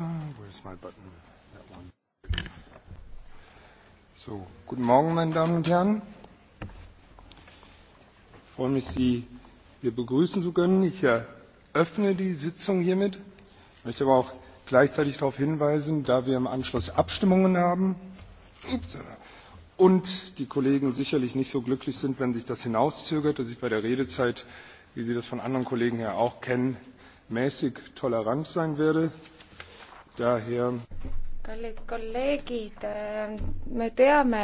Uh, where's my button? That one. So, guten Morgen, meine Damen und Herren. Ich freue mich, Sie hier begrüßen zu können. Ich eröffne die Sitzung hiermit. Ich möchte aber auch gleichzeitig darauf hinweisen, da wir im Anschluss Abstimmungen haben und die Kollegen sicherlich nicht so glücklich sind, wenn sich das hinauszögert, dass ich bei der Redezeit, wie Sie das von anderen Kollegen ja auch kennen, mäßig tolerant sein werde. Daher kallid kolleegid, äh, me teame,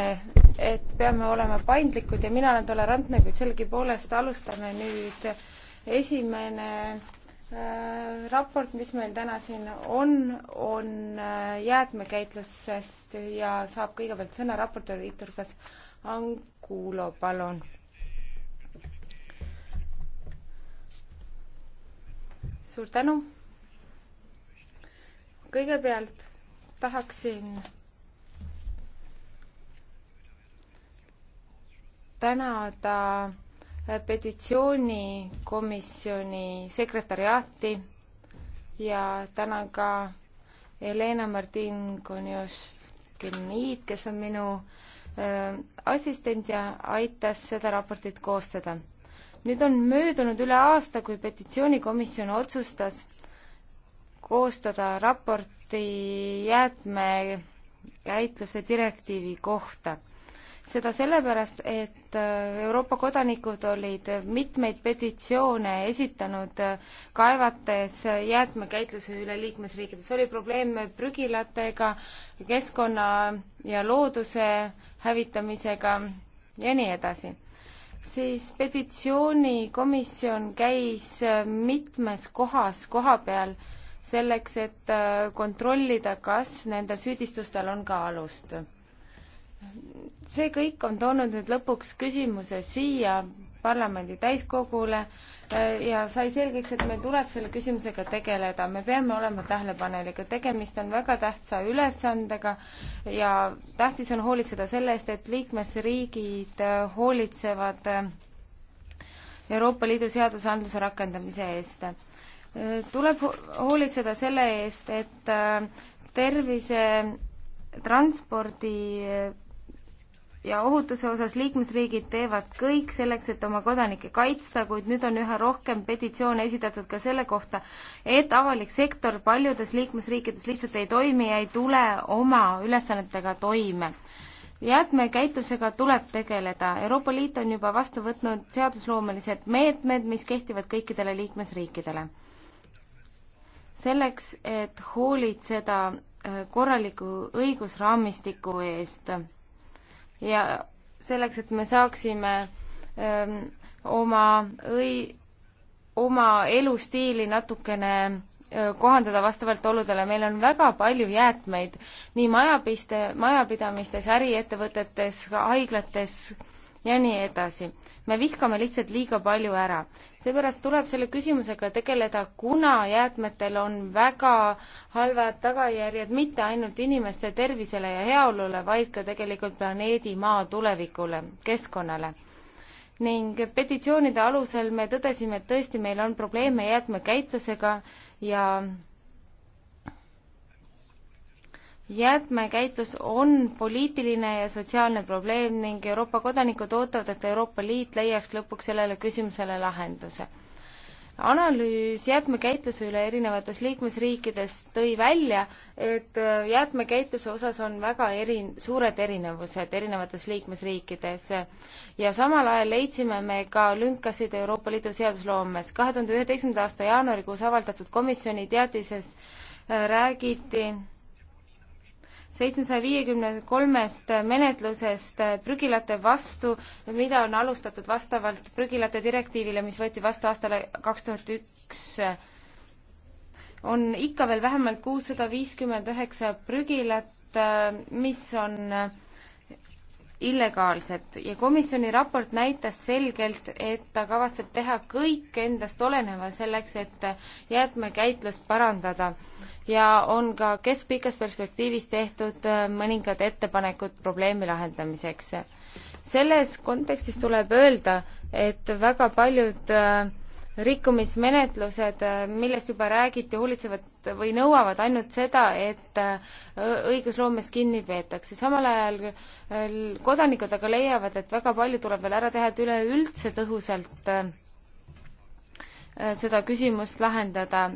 et peame olema paindlikud ja mina olen tolerantne, kuid sellegipoolest alustame nüüd esimene äh, raport, mis meil täna siin on, on äh, jäätmekäitlusest ja saab kõigepealt sõna raportöör Iturgas Angulo, palun. suur tänu kõigepealt tahaksin tänada petitsioonikomisjoni sekretariaati ja tänan ka Helena Martin Konjuškinid, kes on minu äh, assistent ja aitas seda raportit koostada. nüüd on möödunud üle aasta, kui petitsioonikomisjon otsustas koostada raporti jäätmekäitluse direktiivi kohta. seda sellepärast, et äh, Euroopa kodanikud olid mitmeid petitsioone esitanud, äh, kaevates äh, jäätmekäitluse üle liikmesriikides. oli probleeme prügilatega, keskkonna ja looduse hävitamisega ja nii edasi siis petitsioonikomisjon käis mitmes kohas koha peal selleks, et äh, kontrollida, kas nendel süüdistustel on ka alust. see kõik on toonud nüüd lõpuks küsimuse siia parlamendi täiskogule äh, ja sai selgeks, et meil tuleb selle küsimusega tegeleda, me peame olema tähelepanelikud, tegemist on väga tähtsa ülesandega ja tähtis on hoolitseda selle eest, et liikmesriigid äh, hoolitsevad Euroopa Liidu seadusandluse rakendamise eest tuleb hoolitseda selle eest, et äh, tervise, transpordi äh, ja ohutuse osas liikmesriigid teevad kõik selleks, et oma kodanikke kaitsta, kuid nüüd on üha rohkem petitsioone esitatud ka selle kohta, et avalik sektor paljudes liikmesriikides lihtsalt ei toimi ja ei tule oma ülesannetega toime jäätmekäitlusega tuleb tegeleda. Euroopa Liit on juba vastu võtnud seadusloomelised meetmed, mis kehtivad kõikidele liikmesriikidele selleks, et hoolitseda äh, korraliku õigusraamistiku eest ja selleks, et me saaksime öö, ähm, oma õi-, oma elustiili natukene öö, äh, kohandada vastavalt oludele, meil on väga palju jäätmeid nii majapiste, majapidamistes, äriettevõtetes, haiglates, ja nii edasi. me viskame lihtsalt liiga palju ära. seepärast tuleb selle küsimusega tegeleda, kuna jäätmetel on väga halvad tagajärjed mitte ainult inimeste tervisele ja heaolule, vaid ka tegelikult planeedi Maa tulevikule, keskkonnale ning petitsioonide alusel me tõdesime, et tõesti, meil on probleeme jäätmekäitlusega ja jäätmekäitlus on poliitiline ja sotsiaalne probleem ning Euroopa kodanikud ootavad, et Euroopa Liit leiaks lõpuks sellele küsimusele lahenduse. analüüs jäätmekäitluse üle erinevates liikmesriikides tõi välja, et äh, jäätmekäitluse osas on väga eri, suured erinevused erinevates liikmesriikides ja samal ajal leidsime me ka lünkasid Euroopa Liidu seadusloomes. kahe tuhande üheteistkümnenda aasta jaanuarikuus avaldatud komisjoni teadises äh, räägiti seitsmesaja viiekümne kolmest menetlusest prügilate vastu, mida on alustatud vastavalt prügilate direktiivile, mis võeti vastu aastal kaks tuhat üks, on ikka veel vähemalt kuussada viiskümmend üheksa prügilat, mis on illegaalsed ja komisjoni raport näitas selgelt, et ta kavatseb teha kõik endast oleneva selleks, et jäätmekäitlust parandada ja on ka keskpikas perspektiivis tehtud äh, mõningad ettepanekud probleemi lahendamiseks. selles kontekstis tuleb öelda, et väga paljud äh, rikkumismenetlused, äh, millest juba räägiti, hoolitsevad või nõuavad ainult seda, et õigusloomes kinni peetakse. samal ajal kodanikud aga leiavad, et väga palju tuleb veel ära teha, et üleüldse tõhusalt seda küsimust lahendada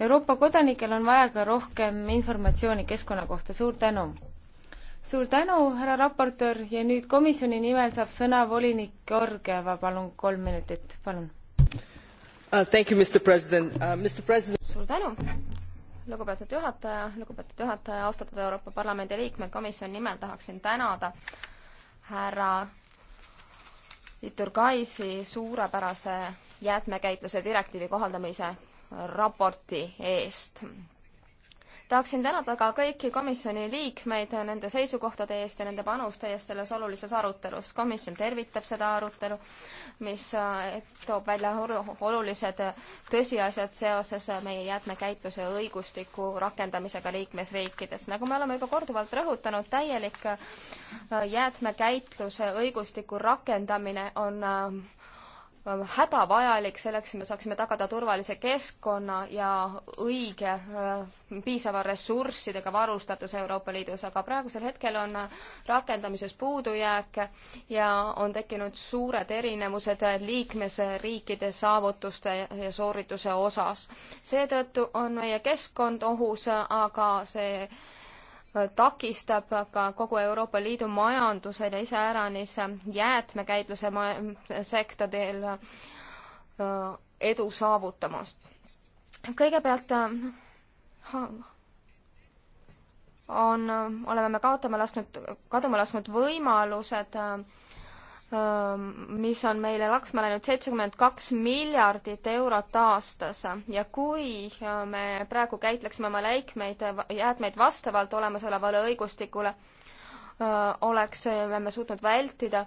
Euroopa kodanikel on vaja ka rohkem informatsiooni keskkonna kohta, suur tänu! suur tänu, härra raportöör ja nüüd komisjoni nimel saab sõna volinik Georgieva, palun kolm minutit, palun uh,. Thank you, Mr President uh,, Mr President. suur tänu, lugupeetud juhataja, lugupeetud juhataja, austatud Euroopa Parlamendi liikmed, komisjoni nimel tahaksin tänada härra Iturgaisi suurepärase jäätmekäitluse direktiivi kohaldamise raporti eest tahaksin tänada ka kõiki komisjoni liikmeid nende seisukohtade eest ja nende panuste eest selles olulises arutelus. komisjon tervitab seda arutelu, mis äh, toob välja olulised tõsiasjad seoses meie jäätmekäitluse õigustiku rakendamisega liikmesriikides. nagu me oleme juba korduvalt rõhutanud, täielik äh, jäätmekäitluse õigustiku rakendamine on äh, Ähm, hädavajalik selleks, et me saaksime tagada turvalise keskkonna ja õige, äh, piisava ressurssidega varustatus Euroopa Liidus, aga praegusel hetkel on äh, rakendamises puudujääke ja on tekkinud suured erinevused äh, liikmesriikide saavutuste ja soorituse osas. seetõttu on meie keskkond ohus, aga see takistab ka kogu Euroopa Liidu majandusel ja iseäranis jäätmekäitluse sektoril äh, edu saavutamast. kõigepealt äh, on, oleme me kaotama lasknud, kaduma lasknud võimalused äh, Ähm, mis on meile laksma läinud seitsekümmend kaks miljardit eurot aastas ja kui äh, me praegu käitleksime oma läikmeid, jäätmeid vastavalt olemasolevale õigustikule, äh, oleks äh, me suutnud vältida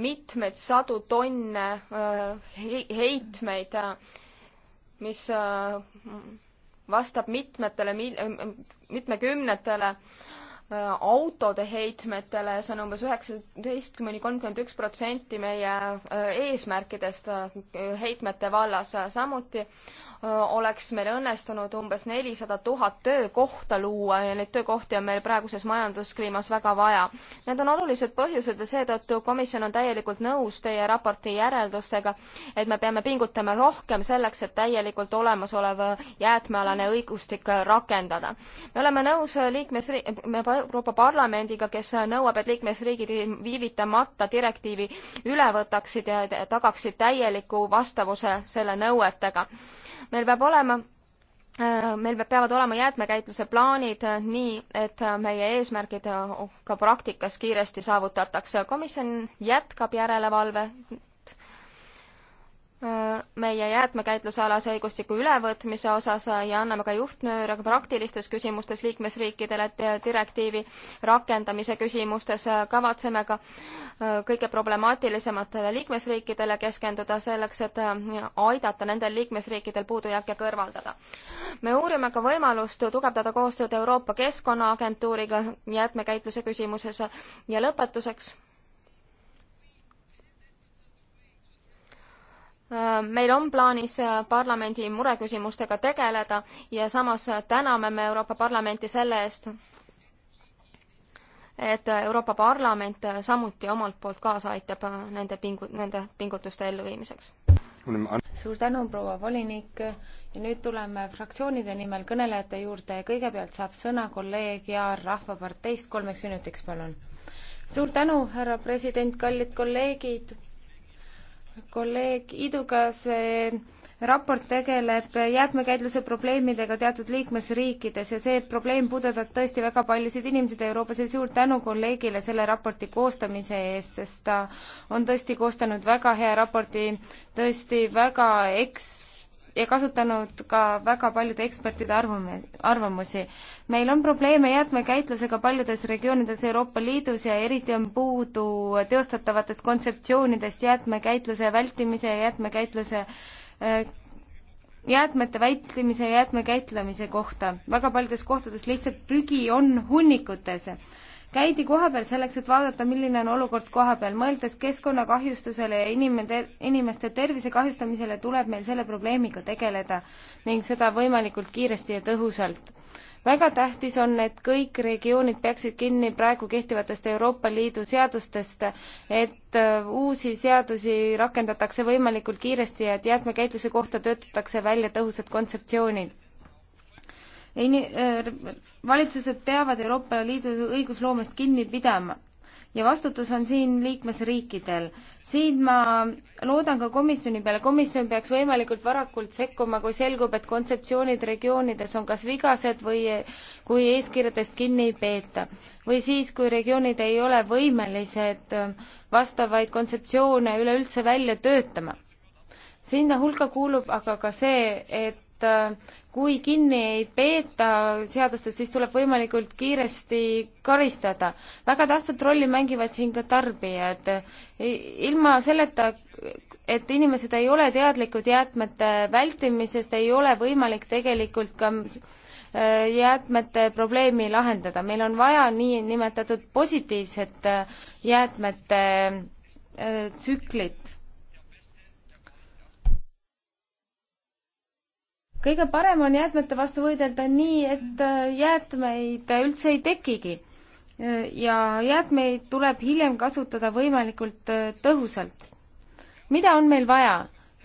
mitmeid sadu tonne heitmeid, mis vastab mitmetele, mitmekümnetele Äh, autode heitmetele, see on umbes üheksateist kuni kolmkümmend üks protsenti meie äh, eesmärkidest äh, heitmete vallas. samuti oleks meil õnnestunud umbes nelisada tuhat töökohta luua ja neid töökohti on meil praeguses majanduskliimas väga vaja. Need on olulised põhjused ja seetõttu komisjon on täielikult nõus teie raporti järeldustega, et me peame pingutama rohkem selleks, et täielikult olemasolev jäätmealane õigustik rakendada. me oleme nõus liikmesriik, me Euroopa Parlamendiga, kes nõuab, et liikmesriigid viivitamata direktiivi üle võtaksid ja tagaksid täieliku vastavuse selle nõuetega. meil peab olema äh, meil peavad olema jäätmekäitluse plaanid nii, et meie eesmärgid ka praktikas kiiresti saavutatakse. komisjon jätkab järelevalve meie jäätmekäitlusealase õigustiku ülevõtmise osas ja anname ka juhtnööre praktilistes küsimustes liikmesriikidele äh, direktiivi rakendamise küsimustes. Äh, kavatseme ka äh, kõige problemaatilisematele liikmesriikidele keskenduda selleks, et aidata nendel liikmesriikidel puudujääke kõrvaldada. me uurime ka võimalust tugevdada koostööd Euroopa Keskkonnaagentuuriga jäätmekäitluse küsimuses ja lõpetuseks meil on plaanis äh, parlamendi mureküsimustega tegeleda ja samas täname me Euroopa Parlamenti selle eest, et äh, Euroopa Parlament äh, samuti omalt poolt kaasa aitab nende pingu-, nende pingutuste elluviimiseks. suur tänu, proua volinik, ja nüüd tuleme fraktsioonide nimel kõnelejate juurde ja kõigepealt saab sõna kolleeg Jaar Rahvaparteist, kolmeks minutiks palun. suur tänu, härra president, kallid kolleegid kolleeg Iduga, see raport tegeleb jäätmekäitluse probleemidega teatud liikmesriikides ja see probleem puudutab tõesti väga paljusid inimesed Euroopas ja suur tänu kolleegile selle raporti koostamise eest, sest ta on tõesti koostanud väga hea raporti, tõesti väga eks-, ja kasutanud ka väga paljude ekspertide arvame, arvamusi. meil on probleeme jäätmekäitlusega paljudes regioonides Euroopa Liidus ja eriti on puudu teostatavatest kontseptsioonidest jäätmekäitluse vältimise ja jäätmekäitluse äh, jäätmete vältimise ja jäätmekäitlemise kohta. väga paljudes kohtades lihtsalt prügi on hunnikutes käidi kohapeal selleks, et vaadata, milline on olukord kohapeal. mõeldes keskkonnakahjustusele ja inimene, inimeste tervise kahjustamisele, tuleb meil selle probleemiga tegeleda ning seda võimalikult kiiresti ja tõhusalt väga tähtis on, et kõik regioonid peaksid kinni praegu kehtivatest Euroopa Liidu seadustest, et äh, uusi seadusi rakendatakse võimalikult kiiresti ja et jäätmekäitluse kohta töötatakse välja tõhusad kontseptsioonid Äh, valitsused peavad Euroopa Liidu õigusloomest kinni pidama ja vastutus on siin liikmesriikidel. siin ma loodan ka komisjoni peale, komisjon peaks võimalikult varakult sekkuma, kui selgub, et kontseptsioonid regioonides on kas vigased või kui eeskirjadest kinni ei peeta. või siis, kui regioonid ei ole võimelised äh, vastavaid kontseptsioone üleüldse välja töötama. sinna hulka kuulub aga ka see, et äh, kui kinni ei peeta seadustest, siis tuleb võimalikult kiiresti karistada. väga tähtsat rolli mängivad siin ka tarbijad. ilma selleta, et inimesed ei ole teadlikud jäätmete vältimisest, ei ole võimalik tegelikult ka äh, jäätmete probleemi lahendada. meil on vaja niinimetatud positiivset äh, jäätmete äh, tsüklit kõige parem on jäätmete vastu võidelda nii, et äh, jäätmeid äh, üldse ei tekigi. Äh, ja jäätmeid tuleb hiljem kasutada võimalikult tõhusalt. mida on meil vaja?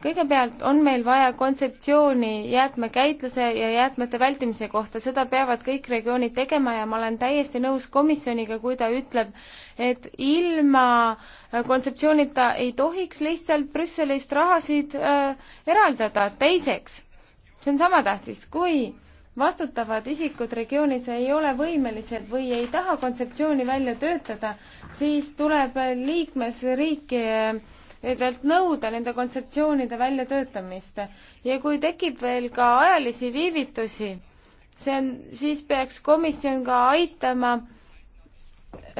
kõigepealt on meil vaja kontseptsiooni jäätmekäitluse ja jäätmete vältimise kohta, seda peavad kõik regioonid tegema ja ma olen täiesti nõus komisjoniga, kui ta ütleb, et ilma kontseptsioonita ei tohiks lihtsalt Brüsselist rahasid äh, eraldada. teiseks see on sama tähtis, kui vastutavad isikud regioonis ei ole võimelised või ei taha kontseptsiooni välja töötada, siis tuleb liikmesriikidelt eh, nõuda nende kontseptsioonide väljatöötamist. ja kui tekib veel ka ajalisi viivitusi, see on, siis peaks komisjon ka aitama äh,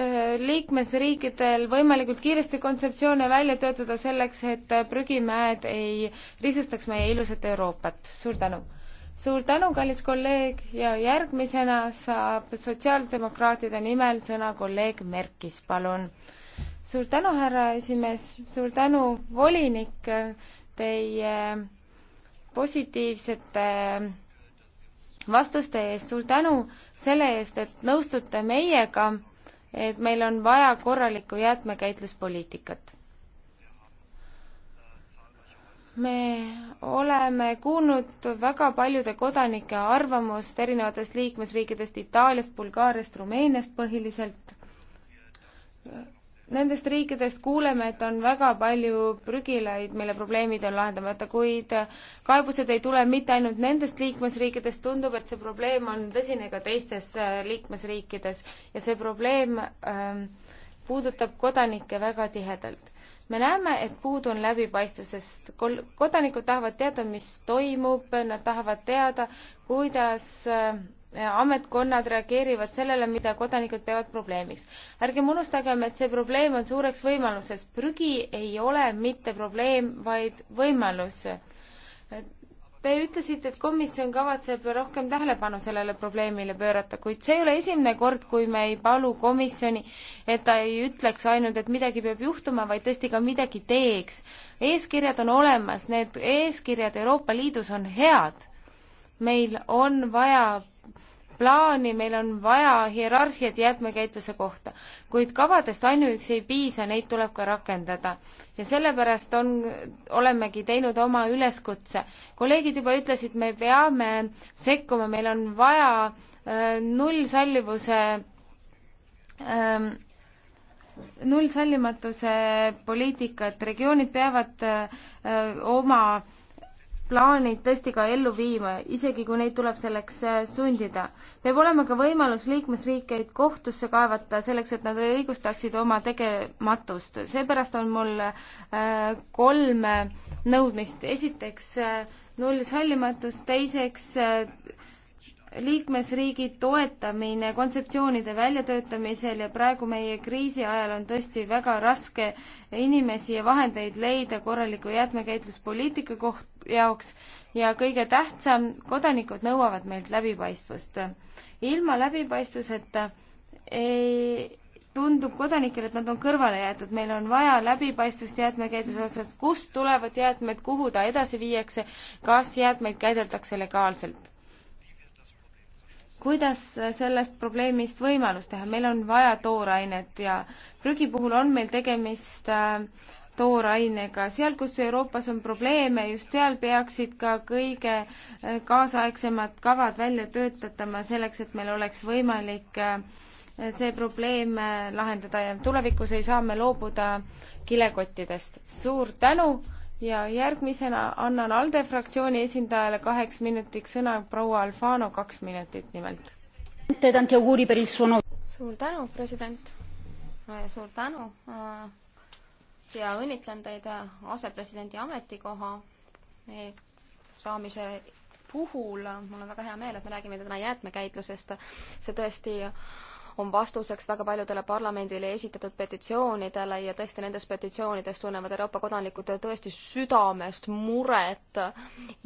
Äh, liikmesriikidel võimalikult kiiresti kontseptsioone välja töötada selleks, et äh, prügimäed ei risustaks meie ilusat Euroopat. suur tänu! suur tänu, kallis kolleeg ja järgmisena saab sotsiaaldemokraatide nimel sõna kolleeg Merkis, palun. suur tänu, härra esimees, suur tänu, volinik, teie positiivsete vastuste eest, suur tänu selle eest, et nõustute meiega et meil on vaja korralikku jäätmekäitluspoliitikat. me oleme kuulnud väga paljude kodanike arvamust erinevatest liikmesriikidest, Itaaliast, Bulgaariast, Rumeeniast põhiliselt nendest riikidest kuuleme, et on väga palju prügilaid, mille probleemid on lahendamata, kuid kaebused ei tule mitte ainult nendest liikmesriikidest, tundub, et see probleem on tõsine ka teistes äh, liikmesriikides ja see probleem ähm, puudutab kodanikke väga tihedalt. me näeme, et puudu on läbipaistvusest, kodanikud tahavad teada, mis toimub, nad tahavad teada, kuidas äh, ametkonnad reageerivad sellele, mida kodanikud peavad probleemiks. ärgem unustagem, et see probleem on suureks võimaluses. prügi ei ole mitte probleem, vaid võimalus. Te ütlesite, et komisjon kavatseb rohkem tähelepanu sellele probleemile pöörata, kuid see ei ole esimene kord, kui me ei palu komisjoni, et ta ei ütleks ainult, et midagi peab juhtuma, vaid tõesti ka midagi teeks. eeskirjad on olemas, need eeskirjad Euroopa Liidus on head meil on vaja plaani, meil on vaja hierarhiat jäätmekäitluse kohta, kuid kavadest ainuüksi ei piisa, neid tuleb ka rakendada. ja sellepärast on, olemegi teinud oma üleskutse. kolleegid juba ütlesid, me peame sekkuma, meil on vaja äh, nullsallivuse äh, nullsallimatuse poliitikat, regioonid peavad öö, äh, oma öö, plaanid tõesti ka ellu viima, isegi kui neid tuleb selleks äh, sundida. peab olema ka võimalus liikmesriikeid kohtusse kaevata selleks, et nad õigustaksid oma tegematust. seepärast on mul äh, kolm nõudmist. esiteks äh, null sallimatus, teiseks äh, liikmesriigi toetamine kontseptsioonide väljatöötamisel ja praegu meie kriisi ajal on tõesti väga raske inimesi ja vahendeid leida korraliku jäätmekäitluspoliitika koht jaoks ja kõige tähtsam, kodanikud nõuavad meilt läbipaistvust. ilma läbipaistvuseta ei tundub kodanikele, et nad on kõrvale jäetud, meil on vaja läbipaistvust jäätmekäitluse osas, kust tulevad jäätmed, kuhu ta edasi viiakse, kas jäätmeid käideldakse legaalselt kuidas sellest probleemist võimalus teha, meil on vaja toorainet ja prügi puhul on meil tegemist äh, toorainega, seal, kus Euroopas on probleeme, just seal peaksid ka kõige äh, kaasaegsemad kavad välja töötatama selleks, et meil oleks võimalik äh, see probleem lahendada ja tulevikus ei saa me loobuda kilekottidest. suur tänu! ja järgmisena annan ALDE fraktsiooni esindajale kaheks minutiks sõna, proua Alfano kaks minutit nimelt. suur tänu, president. Äh, suur tänu äh, ja õnnitlen teid äh, asepresidendi ametikoha e, saamise puhul. mul on väga hea meel, et me räägime täna jäätmekäitlusest. see tõesti on vastuseks väga paljudele parlamendile esitatud petitsioonidele ja tõesti nendes petitsioonides tunnevad Euroopa kodanikud tõesti südamest muret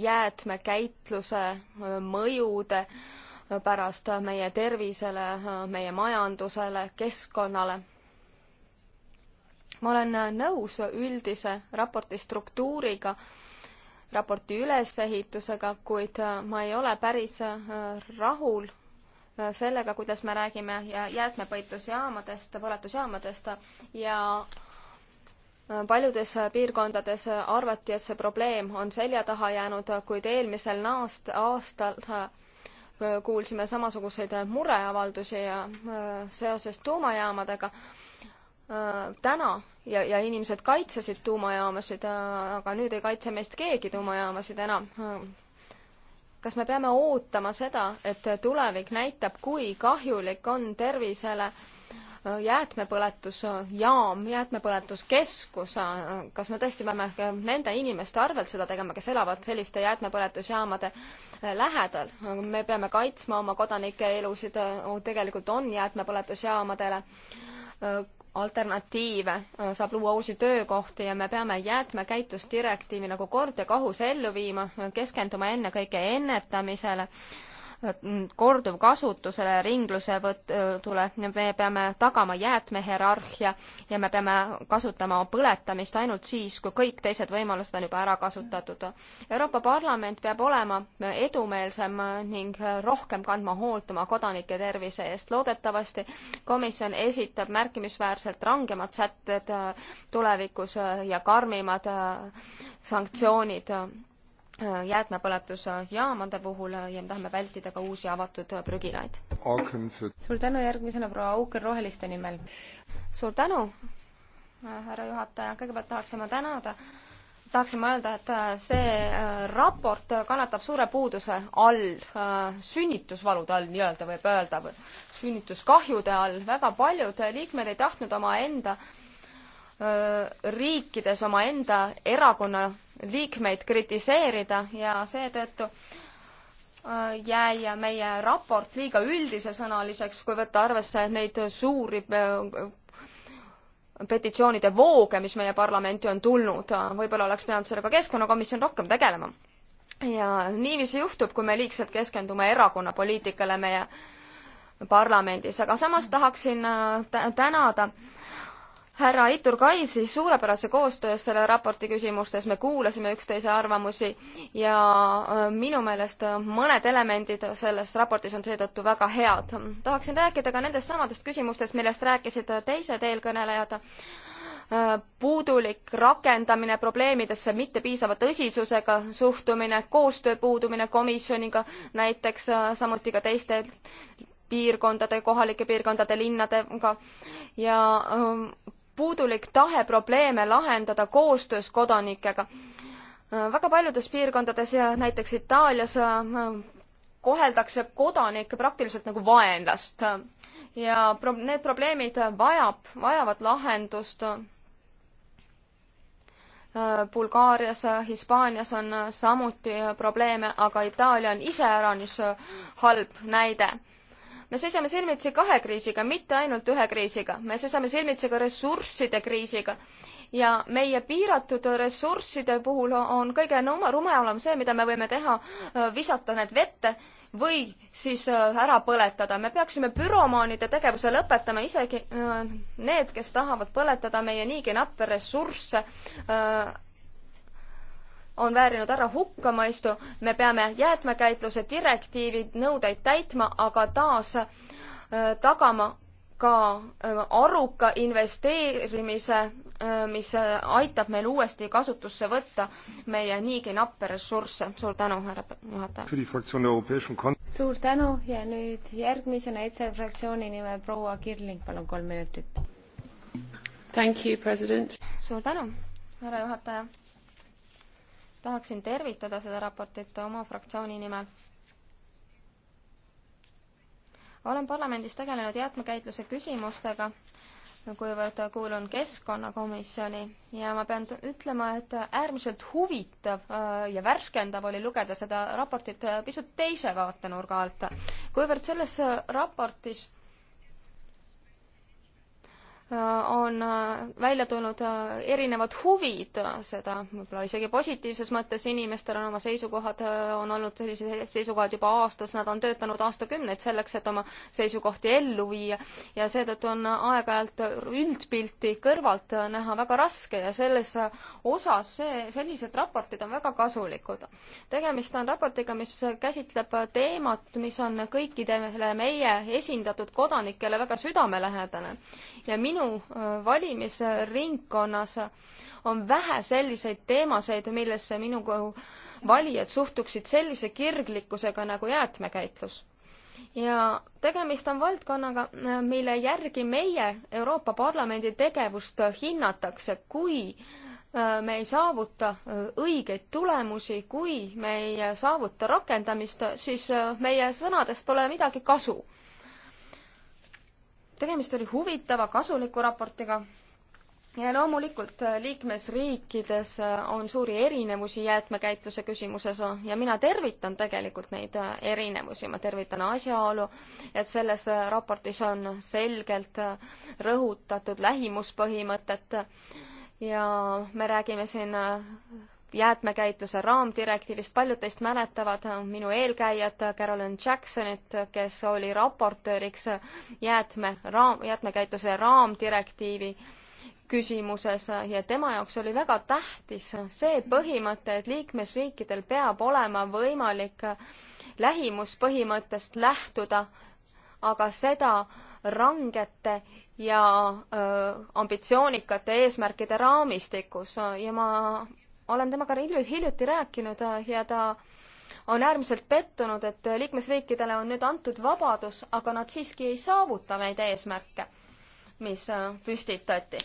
jäätmekäitluse äh, mõjude äh, pärast äh, meie tervisele, meie majandusele, keskkonnale ma olen nõus üldise raporti struktuuriga, raporti ülesehitusega, kuid ma ei ole päris rahul sellega, kuidas me räägime jäätmepõitlusjaamadest, põletusjaamadest ja äh, paljudes piirkondades arvati, et see probleem on selja taha jäänud, kuid eelmisel naast-, aastal äh, kuulsime samasuguseid mureavaldusi äh, seoses tuumajaamadega. täna ja, ja inimesed kaitsesid tuumajaamasid, aga nüüd ei kaitse meist keegi tuumajaamasid enam kas me peame ootama seda, et tulevik näitab, kui kahjulik on tervisele äh, jäätmepõletusjaam, jäätmepõletuskeskus, äh, kas me tõesti peame nende inimeste arvelt seda tegema, kes elavad selliste jäätmepõletusjaamade äh, lähedal? me peame kaitsma oma kodanike elusid, tegelikult on jäätmepõletusjaamadele alternatiive, äh, saab luua uusi töökohti ja me peame jäätmekäitlusdirektiivi nagu kord ja kohus ellu viima, äh, keskenduma ennekõike ennetamisele korduvkasutusele ringlusevõtule, me peame tagama jäätmehierarhia ja me peame kasutama põletamist ainult siis, kui kõik teised võimalused on juba ära kasutatud. Euroopa Parlament peab olema edumeelsem ning rohkem kandma hoolt oma kodanike tervise eest. loodetavasti komisjon esitab märkimisväärselt rangemad sätted tulevikus ja karmimad sanktsioonid Äh, jäätmepõletusjaamade puhul äh, ja me tahame vältida ka uusi avatud äh, prügilaid. suur tänu, järgmisena proua Auker Roheliste nimel. suur tänu, härra juhataja, kõigepealt tahaksime tänada tahaksin ma öelda, et see raport kannatab suure puuduse all, sünnitusvalude all nii-öelda võib öelda või sünnituskahjude all, väga paljud liikmed ei tahtnud omaenda äh, riikides omaenda erakonna liikmeid kritiseerida ja seetõttu jäi meie raport liiga üldisesõnaliseks, kui võtta arvesse neid suuri petitsioonide vooge, mis meie parlamenti on tulnud. võib-olla oleks pidanud sellega Keskkonnakomisjon rohkem tegelema. ja niiviisi juhtub, kui me liigselt keskendume erakonnapoliitikale meie parlamendis, aga samas tahaksin äh, tänada äh, härra Iturgaisi suurepärase koostöös selle raporti küsimustes, me kuulasime üksteise arvamusi ja äh, minu meelest mõned elemendid selles raportis on seetõttu väga head. tahaksin rääkida ka nendest samadest küsimustest, millest rääkisid teised eelkõnelejad, äh, puudulik rakendamine probleemidesse mitte piisava tõsisusega suhtumine, koostöö puudumine komisjoniga näiteks, äh, samuti ka teiste piirkondade, kohalike piirkondade, linnadega ja ähm, puudulik tahe probleeme lahendada koostöös kodanikega. väga paljudes piirkondades, näiteks Itaalias, äh, koheldakse kodanikke praktiliselt nagu vaenlast ja pro-, need probleemid vajab, vajavad lahendust. Äh, Bulgaarias, Hispaanias on samuti probleeme, aga Itaalia on iseäranis halb näide me seisame silmitsi kahe kriisiga, mitte ainult ühe kriisiga, me seisame silmitsi ka ressursside kriisiga ja meie piiratud ressursside puhul on kõige rumalam see, mida me võime teha, äh, visata need vette või siis äh, ära põletada. me peaksime büromaanide tegevuse lõpetama, isegi äh, need, kes tahavad põletada meie niigi nappe ressursse on väärinud ära hukkamõistu, me peame jäätmekäitluse direktiivi nõudeid täitma, aga taas äh, tagama ka äh, aruka investeerimise, äh, mis aitab meil uuesti kasutusse võtta meie niigi nappe ressursse. suur tänu, härra juhataja. suur tänu ja nüüd järgmisena ETSE fraktsiooni nimel proua Kirling, palun kolm minutit. suur tänu, härra juhataja tahaksin tervitada seda raportit oma fraktsiooni nimel. olen parlamendis tegelenud jäätmekäitluse küsimustega, kuivõrd kuulun Keskkonnakomisjoni ja ma pean ütlema, et äärmiselt huvitav äh, ja värskendav oli lugeda seda raportit äh, pisut teise vaatenurga alt, kuivõrd selles äh, raportis Äh, on äh, välja tulnud äh, erinevad huvid seda, võib-olla isegi positiivses mõttes, inimestel on oma seisukohad, on olnud sellised seisukohad juba aastas, nad on töötanud aastakümneid selleks, et oma seisukohti ellu viia ja seetõttu on aeg-ajalt üldpilti kõrvalt näha väga raske ja selles osas see, sellised raportid on väga kasulikud. tegemist on raportiga, mis käsitleb teemat, mis on kõikidele meie esindatud kodanikele väga südamelähedane ja minu minu äh, valimisringkonnas on vähe selliseid teemasid, millesse minu valijad suhtuksid sellise kirglikkusega nagu jäätmekäitlus. ja tegemist on valdkonnaga, äh, mille järgi meie Euroopa Parlamendi tegevust hinnatakse, kui äh, me ei saavuta õigeid tulemusi, kui me ei saavuta rakendamist, siis meie sõnadest pole midagi kasu tegemist oli huvitava, kasuliku raportiga ja loomulikult äh, liikmesriikides äh, on suuri erinevusi jäätmekäitluse küsimuses äh, ja mina tervitan tegelikult neid erinevusi, ma tervitan asjaolu, et selles raportis on selgelt rõhutatud lähimuspõhimõtet ja me räägime siin jäätmekäitluse raamdirektiivist, paljud teist mäletavad minu eelkäijat Carolyn Jacksonit, kes oli raportööriks jäätme raam, jäätmekäitluse raamdirektiivi küsimuses ja tema jaoks oli väga tähtis see põhimõte, et liikmesriikidel peab olema võimalik lähimuspõhimõttest lähtuda, aga seda rangete ja öö, ambitsioonikate eesmärkide raamistikus ja ma olen temaga hiljuti rääkinud äh, ja ta on äärmiselt pettunud, et liikmesriikidele on nüüd antud vabadus, aga nad siiski ei saavuta neid eesmärke, mis äh, püstitati.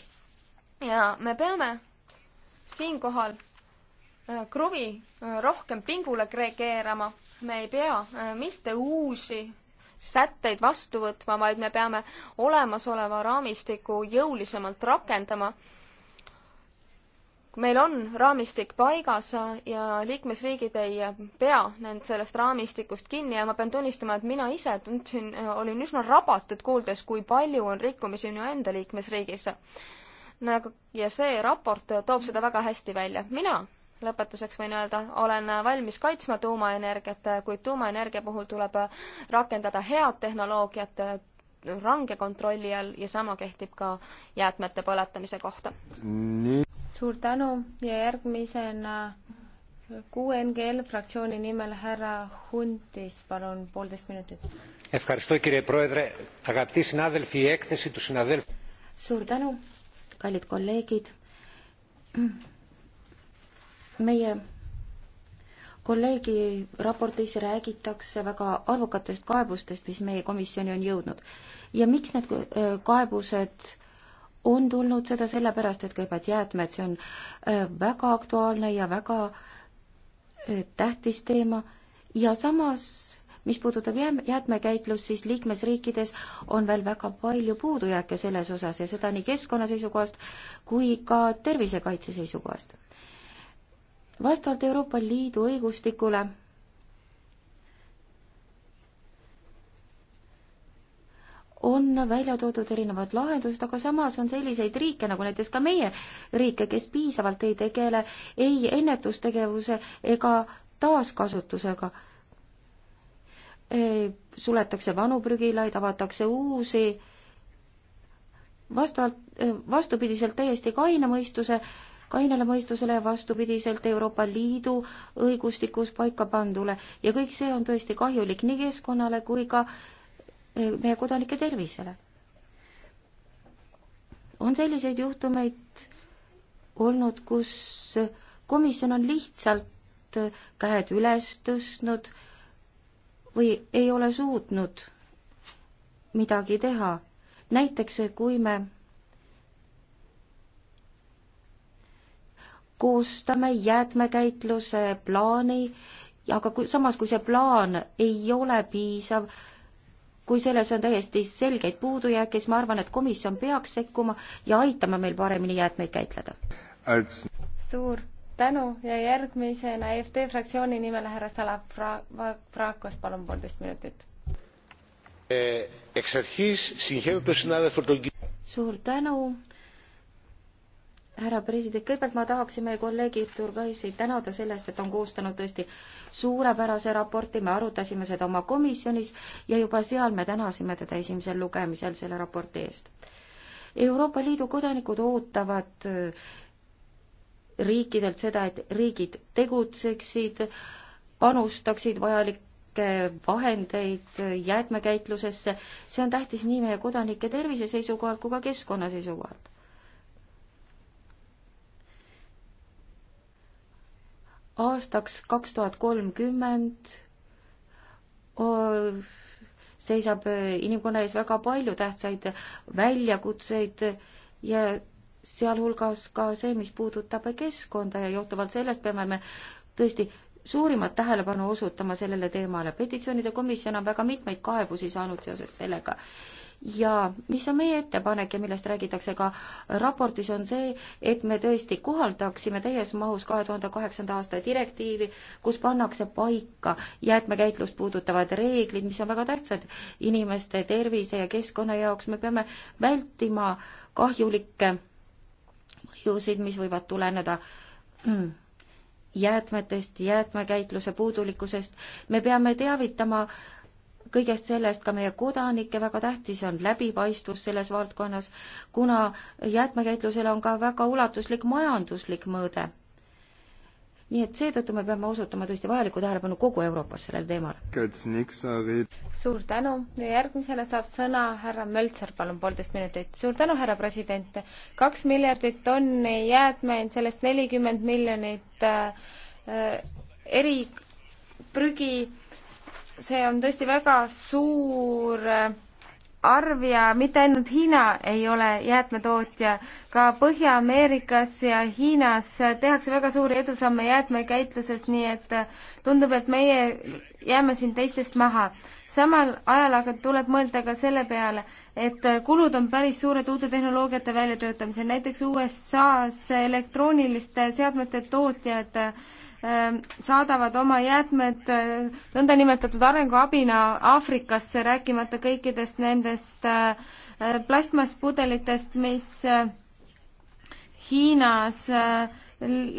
ja me peame siinkohal äh, kruvi rohkem pingule keerama, me ei pea mitte uusi sätteid vastu võtma, vaid me peame olemasoleva raamistiku jõulisemalt rakendama meil on raamistik paigas ja liikmesriigid ei pea nend sellest raamistikust kinni ja ma pean tunnistama, et mina ise tundsin, olin üsna rabatud, kuuldes, kui palju on rikkumisi minu enda liikmesriigis. nagu ja see raport toob seda väga hästi välja. mina lõpetuseks võin öelda, olen valmis kaitsma tuumaenergiat, kuid tuumaenergia puhul tuleb rakendada head tehnoloogiat range kontrolli all ja sama kehtib ka jäätmete põletamise kohta suur tänu ja järgmisena QNGL fraktsiooni nimel härra Huntis, palun poolteist minutit. suur tänu, kallid kolleegid. meie kolleegi raportis räägitakse väga arvukatest kaebustest, mis meie komisjoni on jõudnud ja miks need äh, kaebused on tulnud seda sellepärast, et kõigepealt jäätmed, see on äh, väga aktuaalne ja väga äh, tähtis teema ja samas mis puudutab jäätmekäitlust, siis liikmesriikides on veel väga palju puudujääke selles osas ja seda nii keskkonna seisukohast kui ka tervisekaitse seisukohast. vastavalt Euroopa Liidu õigustikule on välja toodud erinevad lahendused, aga samas on selliseid riike, nagu näiteks ka meie riike, kes piisavalt ei tegele ei ennetustegevuse ega taaskasutusega e, suletakse vanu prügilaid, avatakse uusi, vastavalt, e, vastupidiselt täiesti kaine mõistuse, kainele mõistusele ja vastupidiselt Euroopa Liidu õigustikus paika pandule ja kõik see on tõesti kahjulik nii keskkonnale kui ka meie kodanike tervisele. on selliseid juhtumeid olnud, kus komisjon on lihtsalt käed üles tõstnud või ei ole suutnud midagi teha. näiteks kui me koostame jäätmekäitluse plaani, aga kui, samas, kui see plaan ei ole piisav, kui selles on täiesti selgeid puudujääke, siis ma arvan, et komisjon peaks sekkuma ja aitama meil paremini jäätmeid käitleda. suur tänu ja järgmisena EFT fraktsiooni nimel härra Salafrakos, palun poolteist minutit. Eh, suur tänu härra president, kõigepealt ma tahaksin meie kolleegi Turgaisi tänada selle eest, et on koostanud tõesti suurepärase raporti, me arutasime seda oma komisjonis ja juba seal me tänasime teda esimesel lugemisel selle raporti eest. Euroopa Liidu kodanikud ootavad äh, riikidelt seda, et riigid tegutseksid, panustaksid vajalikke vahendeid äh, jäätmekäitlusesse, see on tähtis nii meie kodanike tervise seisukohalt kui ka keskkonna seisukohalt aastaks kaks tuhat kolmkümmend seisab äh, inimkonna ees väga palju tähtsaid väljakutseid ja sealhulgas ka see, mis puudutab keskkonda ja johtuvalt sellest peame me tõesti suurimat tähelepanu osutama sellele teemale. petitsioonide komisjon on väga mitmeid kaebusi saanud seoses sellega ja mis on meie ettepanek ja millest räägitakse ka raportis, on see, et me tõesti kohaldaksime täies mahus kahe tuhande kaheksanda aasta direktiivi, kus pannakse paika jäätmekäitlust puudutavad reeglid, mis on väga tähtsad inimeste tervise ja keskkonna jaoks, me peame vältima kahjulikke mõjusid, mis võivad tuleneda mm, jäätmetest, jäätmekäitluse puudulikkusest, me peame teavitama äh, kõigest sellest ka meie kodanikke, väga tähtis on läbipaistvus selles valdkonnas, kuna jäätmekäitlusel on ka väga ulatuslik majanduslik mõõde. nii et seetõttu me peame osutama tõesti vajalikku tähelepanu kogu Euroopas sellel teemal. suur tänu ja järgmisena saab sõna härra Möltser, palun, poolteist minutit. suur tänu, härra president. kaks miljardit tonni jäätmeid, sellest nelikümmend miljonit äh, äh eri prügi see on tõesti väga suur äh, arv ja mitte ainult Hiina ei ole jäätmetootja, ka Põhja-Ameerikas ja Hiinas tehakse väga suuri edusamme jäätmekäitluses, nii et äh, tundub, et meie jääme siin teistest maha. samal ajal aga tuleb mõelda ka selle peale, et äh, kulud on päris suured uute tehnoloogiate väljatöötamisel, näiteks USA-s elektrooniliste seadmete tootjad äh, Ähm, saadavad oma jäätmed äh, nõndanimetatud arenguabina Aafrikasse, rääkimata kõikidest nendest äh, äh, plastmasspudelitest, mis Hiinas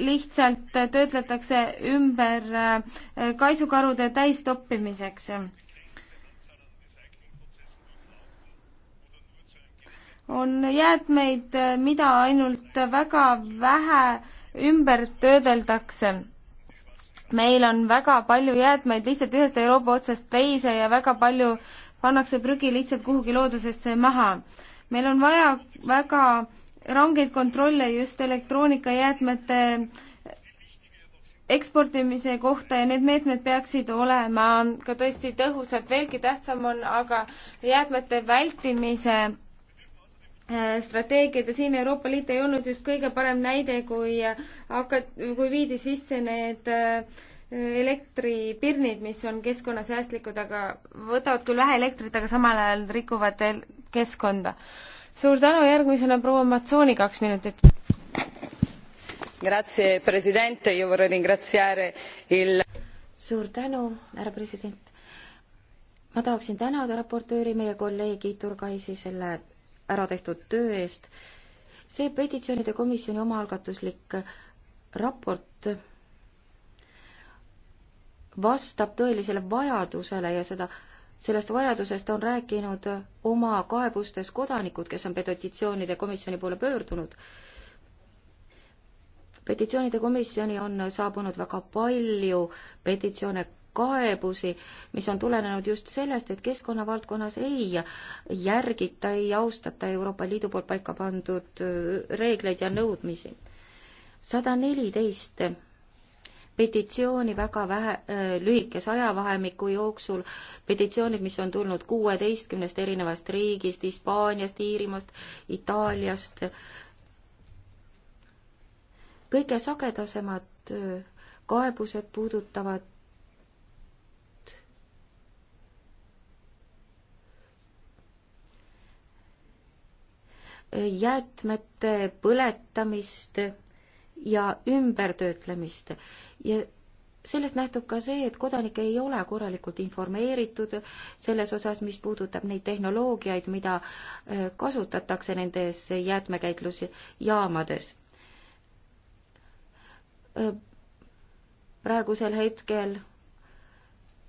lihtsalt töötletakse ümber kaisukarude täistoppimiseks on jäätmeid, mida ainult väga vähe ümber töödeldakse meil on väga palju jäätmeid lihtsalt ühest Euroopa otsast teise ja väga palju pannakse prügi lihtsalt kuhugi loodusesse maha. meil on vaja väga rangeid kontrolle just elektroonikajäätmete eksportimise kohta ja need meetmed peaksid olema ka tõesti tõhusad, veelgi tähtsam on aga jäätmete vältimise Äh, strateegiad ja siin Euroopa Liit ei olnud just kõige parem näide, kui hakat-, kui viidi sisse need äh, elektripirnid, mis on keskkonnasäästlikud, aga võtavad küll vähe elektrit, aga samal ajal rikuvad keskkonda. suur tänu, järgmisena proua Matsooni kaks minutit. Grazie presidente, io vorrei ringraziare il suur tänu, härra president. ma tahaksin tänada raportööri, meie kolleegi Turgaisi selle ära tehtud töö eest. see petitsioonide komisjoni omaalgatuslik raport vastab tõelisele vajadusele ja seda, sellest vajadusest on rääkinud oma kaebustes kodanikud, kes on petitsioonide komisjoni poole pöördunud. petitsioonide komisjoni on saabunud väga palju petitsioone kaebusi, mis on tulenenud just sellest, et keskkonnavaldkonnas ei järgita, ei austata Euroopa Liidu poolt paika pandud äh, reegleid ja nõudmisi. sada neliteist petitsiooni väga vähe, äh, lühikese ajavahemiku jooksul, petitsioonid, mis on tulnud kuueteistkümnest erinevast riigist, Hispaaniast, Iirimaast, Itaaliast, kõige sagedasemad äh, kaebused puudutavad jäätmete põletamist ja ümbertöötlemist ja sellest nähtub ka see, et kodanik ei ole korralikult informeeritud selles osas, mis puudutab neid tehnoloogiaid, mida äh, kasutatakse nendes jäätmekäitlusjaamades. Äh, praegusel hetkel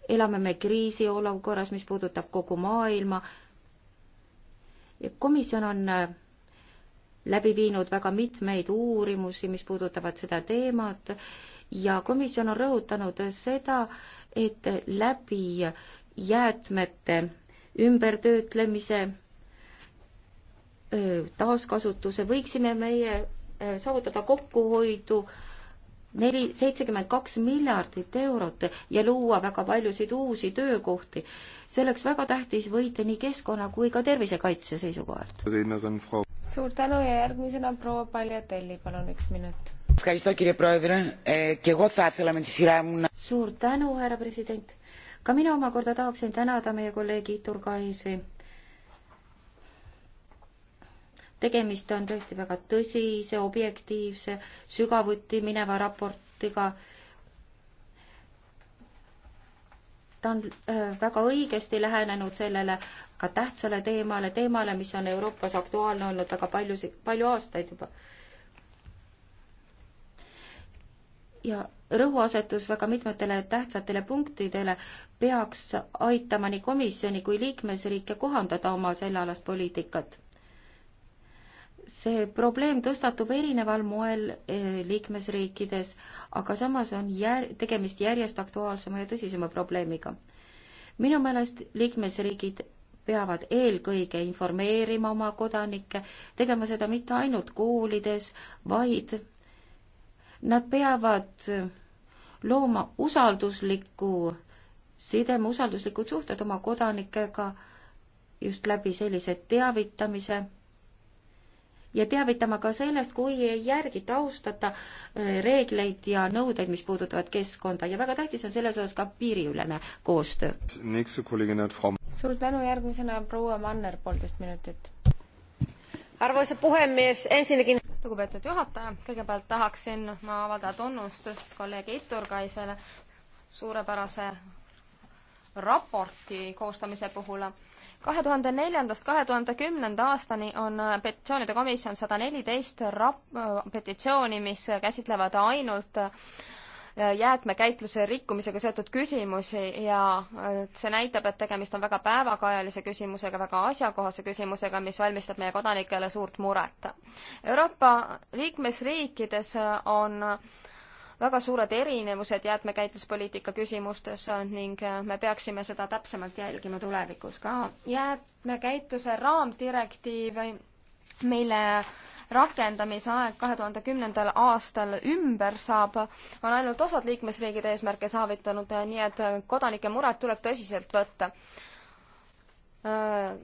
elame me kriisiolukorras, mis puudutab kogu maailma. komisjon on äh, läbi viinud väga mitmeid uurimusi, mis puudutavad seda teemat ja komisjon on rõhutanud seda, et läbi jäätmete ümbertöötlemise, taaskasutuse võiksime meie saavutada kokkuhoidu neli, seitsekümmend kaks miljardit eurot ja luua väga paljusid uusi töökohti. see oleks väga tähtis võita nii keskkonna kui ka tervisekaitse seisukohalt suur tänu ja järgmisena proua Paljatelli, palun üks minut. suur tänu, härra president. ka mina omakorda tahaksin tänada meie kolleegi Iturgaisi. tegemist on tõesti väga tõsise, objektiivse, sügavuti mineva raportiga ta on äh, väga õigesti lähenenud sellele ka tähtsale teemale, teemale, mis on Euroopas aktuaalne olnud väga palju, palju aastaid juba. ja rõhuasetus väga mitmetele tähtsatele punktidele peaks aitama nii komisjoni kui liikmesriike kohandada oma sellealast poliitikat. see probleem tõstatub erineval moel eh, liikmesriikides, aga samas on jär-, tegemist järjest aktuaalsema ja tõsisema probleemiga minu meelest liikmesriigid peavad eelkõige informeerima oma kodanikke, tegema seda mitte ainult koolides, vaid nad peavad looma usaldusliku sideme, usalduslikud suhted oma kodanikega just läbi sellise teavitamise ja teavitama ka sellest, kui ei järgita, austata äh, reegleid ja nõudeid, mis puudutavad keskkonda ja väga tähtis on selles osas ka piiriülene koostöö. suur tänu, järgmisena proua Manner, poolteist minutit. arvoisa puhemees, ensinnäkin lugupeetud juhataja, kõigepealt tahaksin ma avaldada tunnustust kolleeg Iturkaisele suurepärase raporti koostamise puhul kahe tuhande neljandast kahe tuhande kümnenda aastani on äh, petitsioonide komisjon sada neliteist rap-, äh, petitsiooni, mis käsitlevad ainult äh, jäätmekäitluse rikkumisega seotud küsimusi ja see näitab, et tegemist on väga päevakajalise küsimusega, väga asjakohase küsimusega, mis valmistab meie kodanikele suurt muret. Euroopa liikmesriikides on äh, väga suured erinevused jäätmekäitluspoliitika küsimustes ning äh, me peaksime seda täpsemalt jälgima tulevikus ka. jäätmekäitluse raamdirektiivi, mille rakendamise aeg kahe tuhande kümnendal aastal ümber saab, on ainult osad liikmesriigid eesmärke saavutanud, äh, nii et äh, kodanike mured tuleb tõsiselt võtta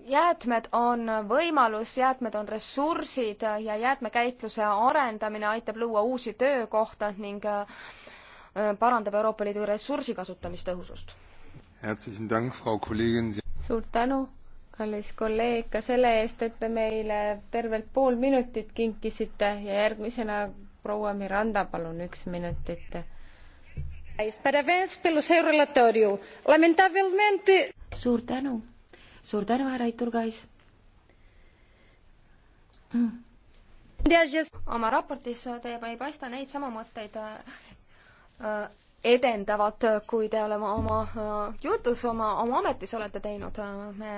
jäätmed on võimalus, jäätmed on ressursid ja jäätmekäitluse arendamine aitab luua uusi töökohta ning äh, parandab Euroopa Liidu ressursi kasutamistõhusust. suur tänu, kallis kolleeg, ka selle eest, et te meile tervelt pool minutit kinkisite ja järgmisena proua Miranda, palun, üks minutit. suur tänu suur tänu, härra Iturgais mm.. oma raportis te ei paista neid samu mõtteid äh, edendavad, kui te oleme oma äh, jutus, oma, oma ametis olete teinud. me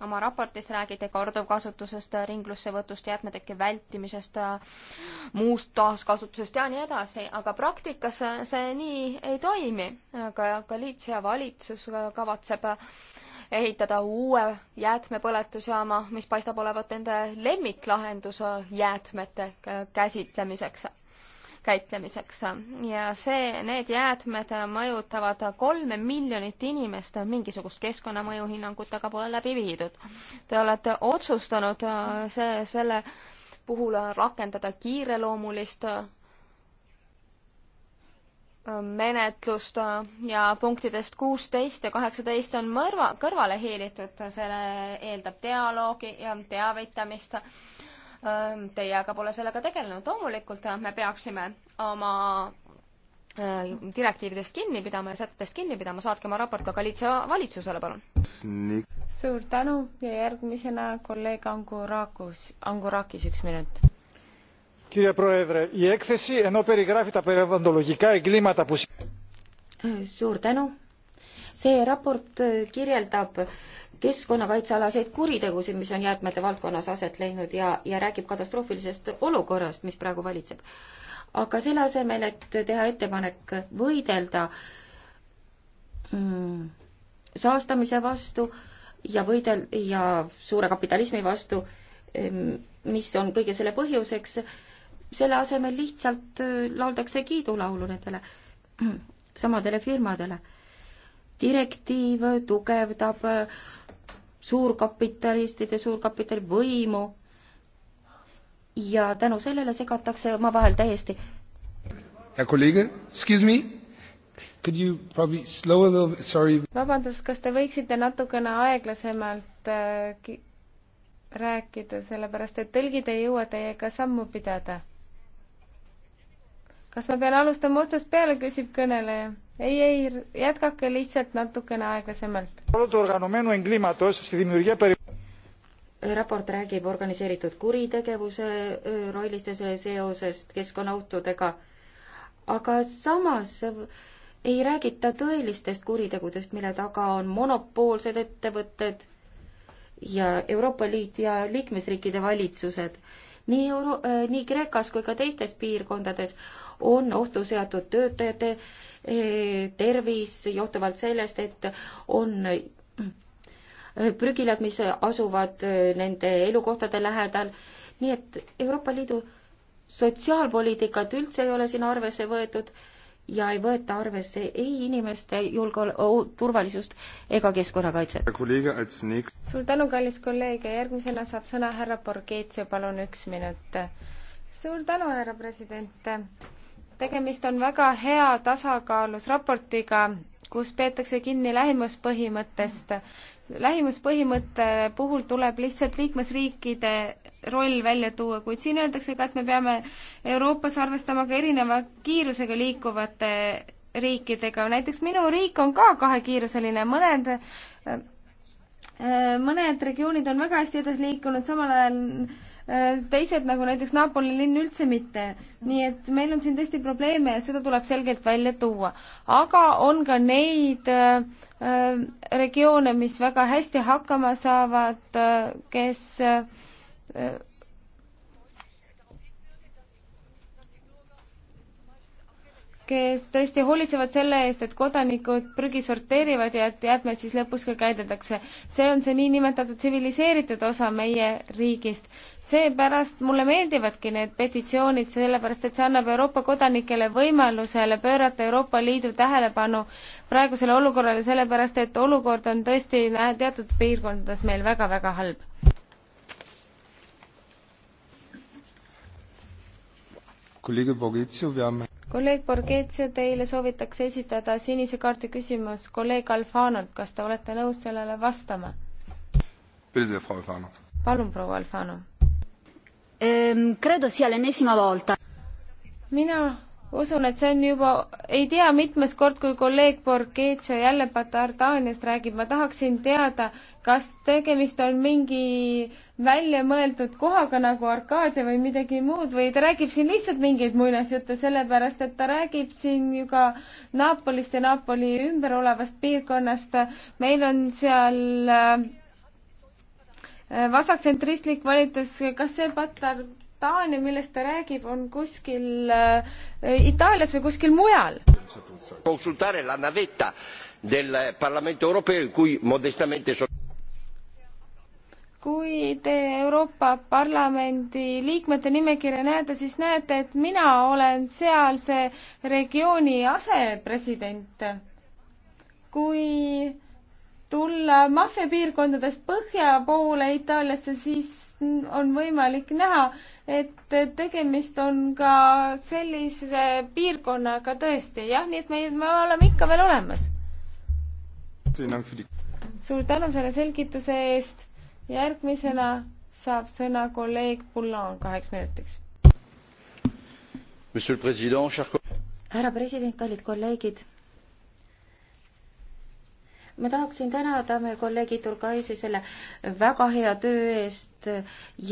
oma raportis räägite korduvkasutusest, ringlussevõtust, jäätmetekke vältimisest, muust taaskasutusest ja nii edasi, aga praktikas see nii ei toimi. aga ka Galiitsia valitsus kavatseb äh, ehitada uue jäätmepõletusjaama, mis paistab olevat nende lemmiklahendus jäätmete käsitlemiseks käitlemiseks ja see, need jäätmed mõjutavad kolme miljonit inimest, mingisugust keskkonnamõju hinnangut aga pole läbi viidud. Te olete otsustanud äh, see, selle puhul rakendada kiireloomulist menetlust äh, ja punktidest kuusteist ja kaheksateist on mõrva, kõrvale hiilitud, selle eeldab dialoogi ja teavitamist. Ähm, teie aga pole sellega tegelenud, loomulikult me peaksime oma äh, direktiividest kinni pidama ja sätetest kinni pidama, saatke oma raport ka Galiitsia valitsusele, palun. suur tänu ja järgmisena kolleeg Angurakus, Angurakis üks minut Κύριε Πρόεδρε, η έκθεση ενώ περιγράφει τα περιβαλλοντολογικά εγκλήματα που... Suur tänu. See raport kirjeldab keskkonnakaitsealaseid kuritegusid, mis on jäätmete valdkonnas aset leidnud ja, ja räägib katastroofilisest olukorrast, mis praegu valitseb. aga selle asemel, et teha ettepanek võidelda mm, saastamise vastu ja võidel- ja suure kapitalismi vastu, mis on kõige selle põhjuseks, selle asemel lihtsalt äh, lauldakse kiidulaulu nendele samadele firmadele. direktiiv tugevdab äh, suurkapitalistide, suurkapitali võimu ja tänu sellele segatakse omavahel täiesti. hea kolleeg, excuse me? Could you probably slow a little bit, sorry. vabandust, kas te võiksite natukene aeglasemalt äh, rääkida, sellepärast et tõlgid ei jõua teiega sammu pidada kas ma pean alustama otsast peale, küsib kõneleja. ei, ei, jätkake lihtsalt natukene aeglasemalt raport räägib organiseeritud kuritegevuse rollist ja selle seosest keskkonnaohtudega, aga samas ei räägita tõelistest kuritegudest, mille taga on monopoolsed ettevõtted ja Euroopa Liit ja liikmesriikide valitsused. nii Euro-, äh, nii Kreekas kui ka teistes piirkondades on ohtu seatud töötajate eh, tervis johtuvalt sellest, et on eh, prügilad, mis asuvad eh, nende elukohtade lähedal, nii et Euroopa Liidu sotsiaalpoliitikat üldse ei ole siin arvesse võetud ja ei võeta arvesse ei inimeste julgeol-, turvalisust ega keskkonnakaitset. suur tänu, kallis kolleeg ja järgmisena saab sõna härra Borghezio, palun üks minut. suur tänu, härra president tegemist on väga hea tasakaalus raportiga, kus peetakse kinni lähimuspõhimõttest. lähimuspõhimõtte puhul tuleb lihtsalt liikmesriikide roll välja tuua, kuid siin öeldakse ka, et me peame Euroopas arvestama ka erineva kiirusega liikuvate riikidega, näiteks minu riik on ka kahekiiruseline, mõned äh, mõned regioonid on väga hästi edasi liikunud, samal ajal Äh, teised nagu näiteks Napoli linn üldse mitte. nii et meil on siin tõesti probleeme ja seda tuleb selgelt välja tuua. aga on ka neid äh, äh regioone, mis väga hästi hakkama saavad, äh, kes äh, kes tõesti hoolitsevad selle eest, et kodanikud prügi sorteerivad ja et jäätmed siis lõpus ka käideldakse. see on see niinimetatud tsiviliseeritud osa meie riigist seepärast mulle meeldivadki need petitsioonid, sellepärast et see annab Euroopa kodanikele võimalusele pöörata Euroopa Liidu tähelepanu praegusele olukorrale, sellepärast et olukord on tõesti teatud piirkondades meil väga-väga halb. kolleeg Borghezio, teile soovitakse esitada sinise kaardi küsimus kolleeg Alfanolt, kas te olete nõus sellele vastama? palun, proua Alfano Ehm, credo sia l'ennesima volta. mina usun, et see on juba ei tea mitmes kord, kui kolleeg Borghese jälle Batardaaniast räägib, ma tahaksin teada, kas tegemist on mingi väljamõeldud kohaga nagu Arkaadia või midagi muud või ta räägib siin lihtsalt mingeid muinasjutte, sellepärast et ta räägib siin ju ka Napolist ja Napoli ümber olevast piirkonnast. meil on seal äh, vasaktsentristlik valitsus, kas see patar Taania, millest ta räägib, on kuskil äh, Itaalias või kuskil mujal? consultare la navetta del Parlamento Europeo in cui modestamente son... kui te Euroopa Parlamendi liikmete nimekirja näete, siis näete, et mina olen sealse regiooni asepresident. kui tulla maffiapiirkondadest põhja poole Itaaliasse, siis on võimalik näha, et tegemist on ka sellise piirkonnaga tõesti, jah, nii et me, me oleme ikka veel olemas. suur tänu selle selgituse eest. järgmisena saab sõna kolleeg Poulan kaheks minutiks. härra president, kallid kolleegid ma tahaksin tänada meie kolleegi Turgaisi selle väga hea töö eest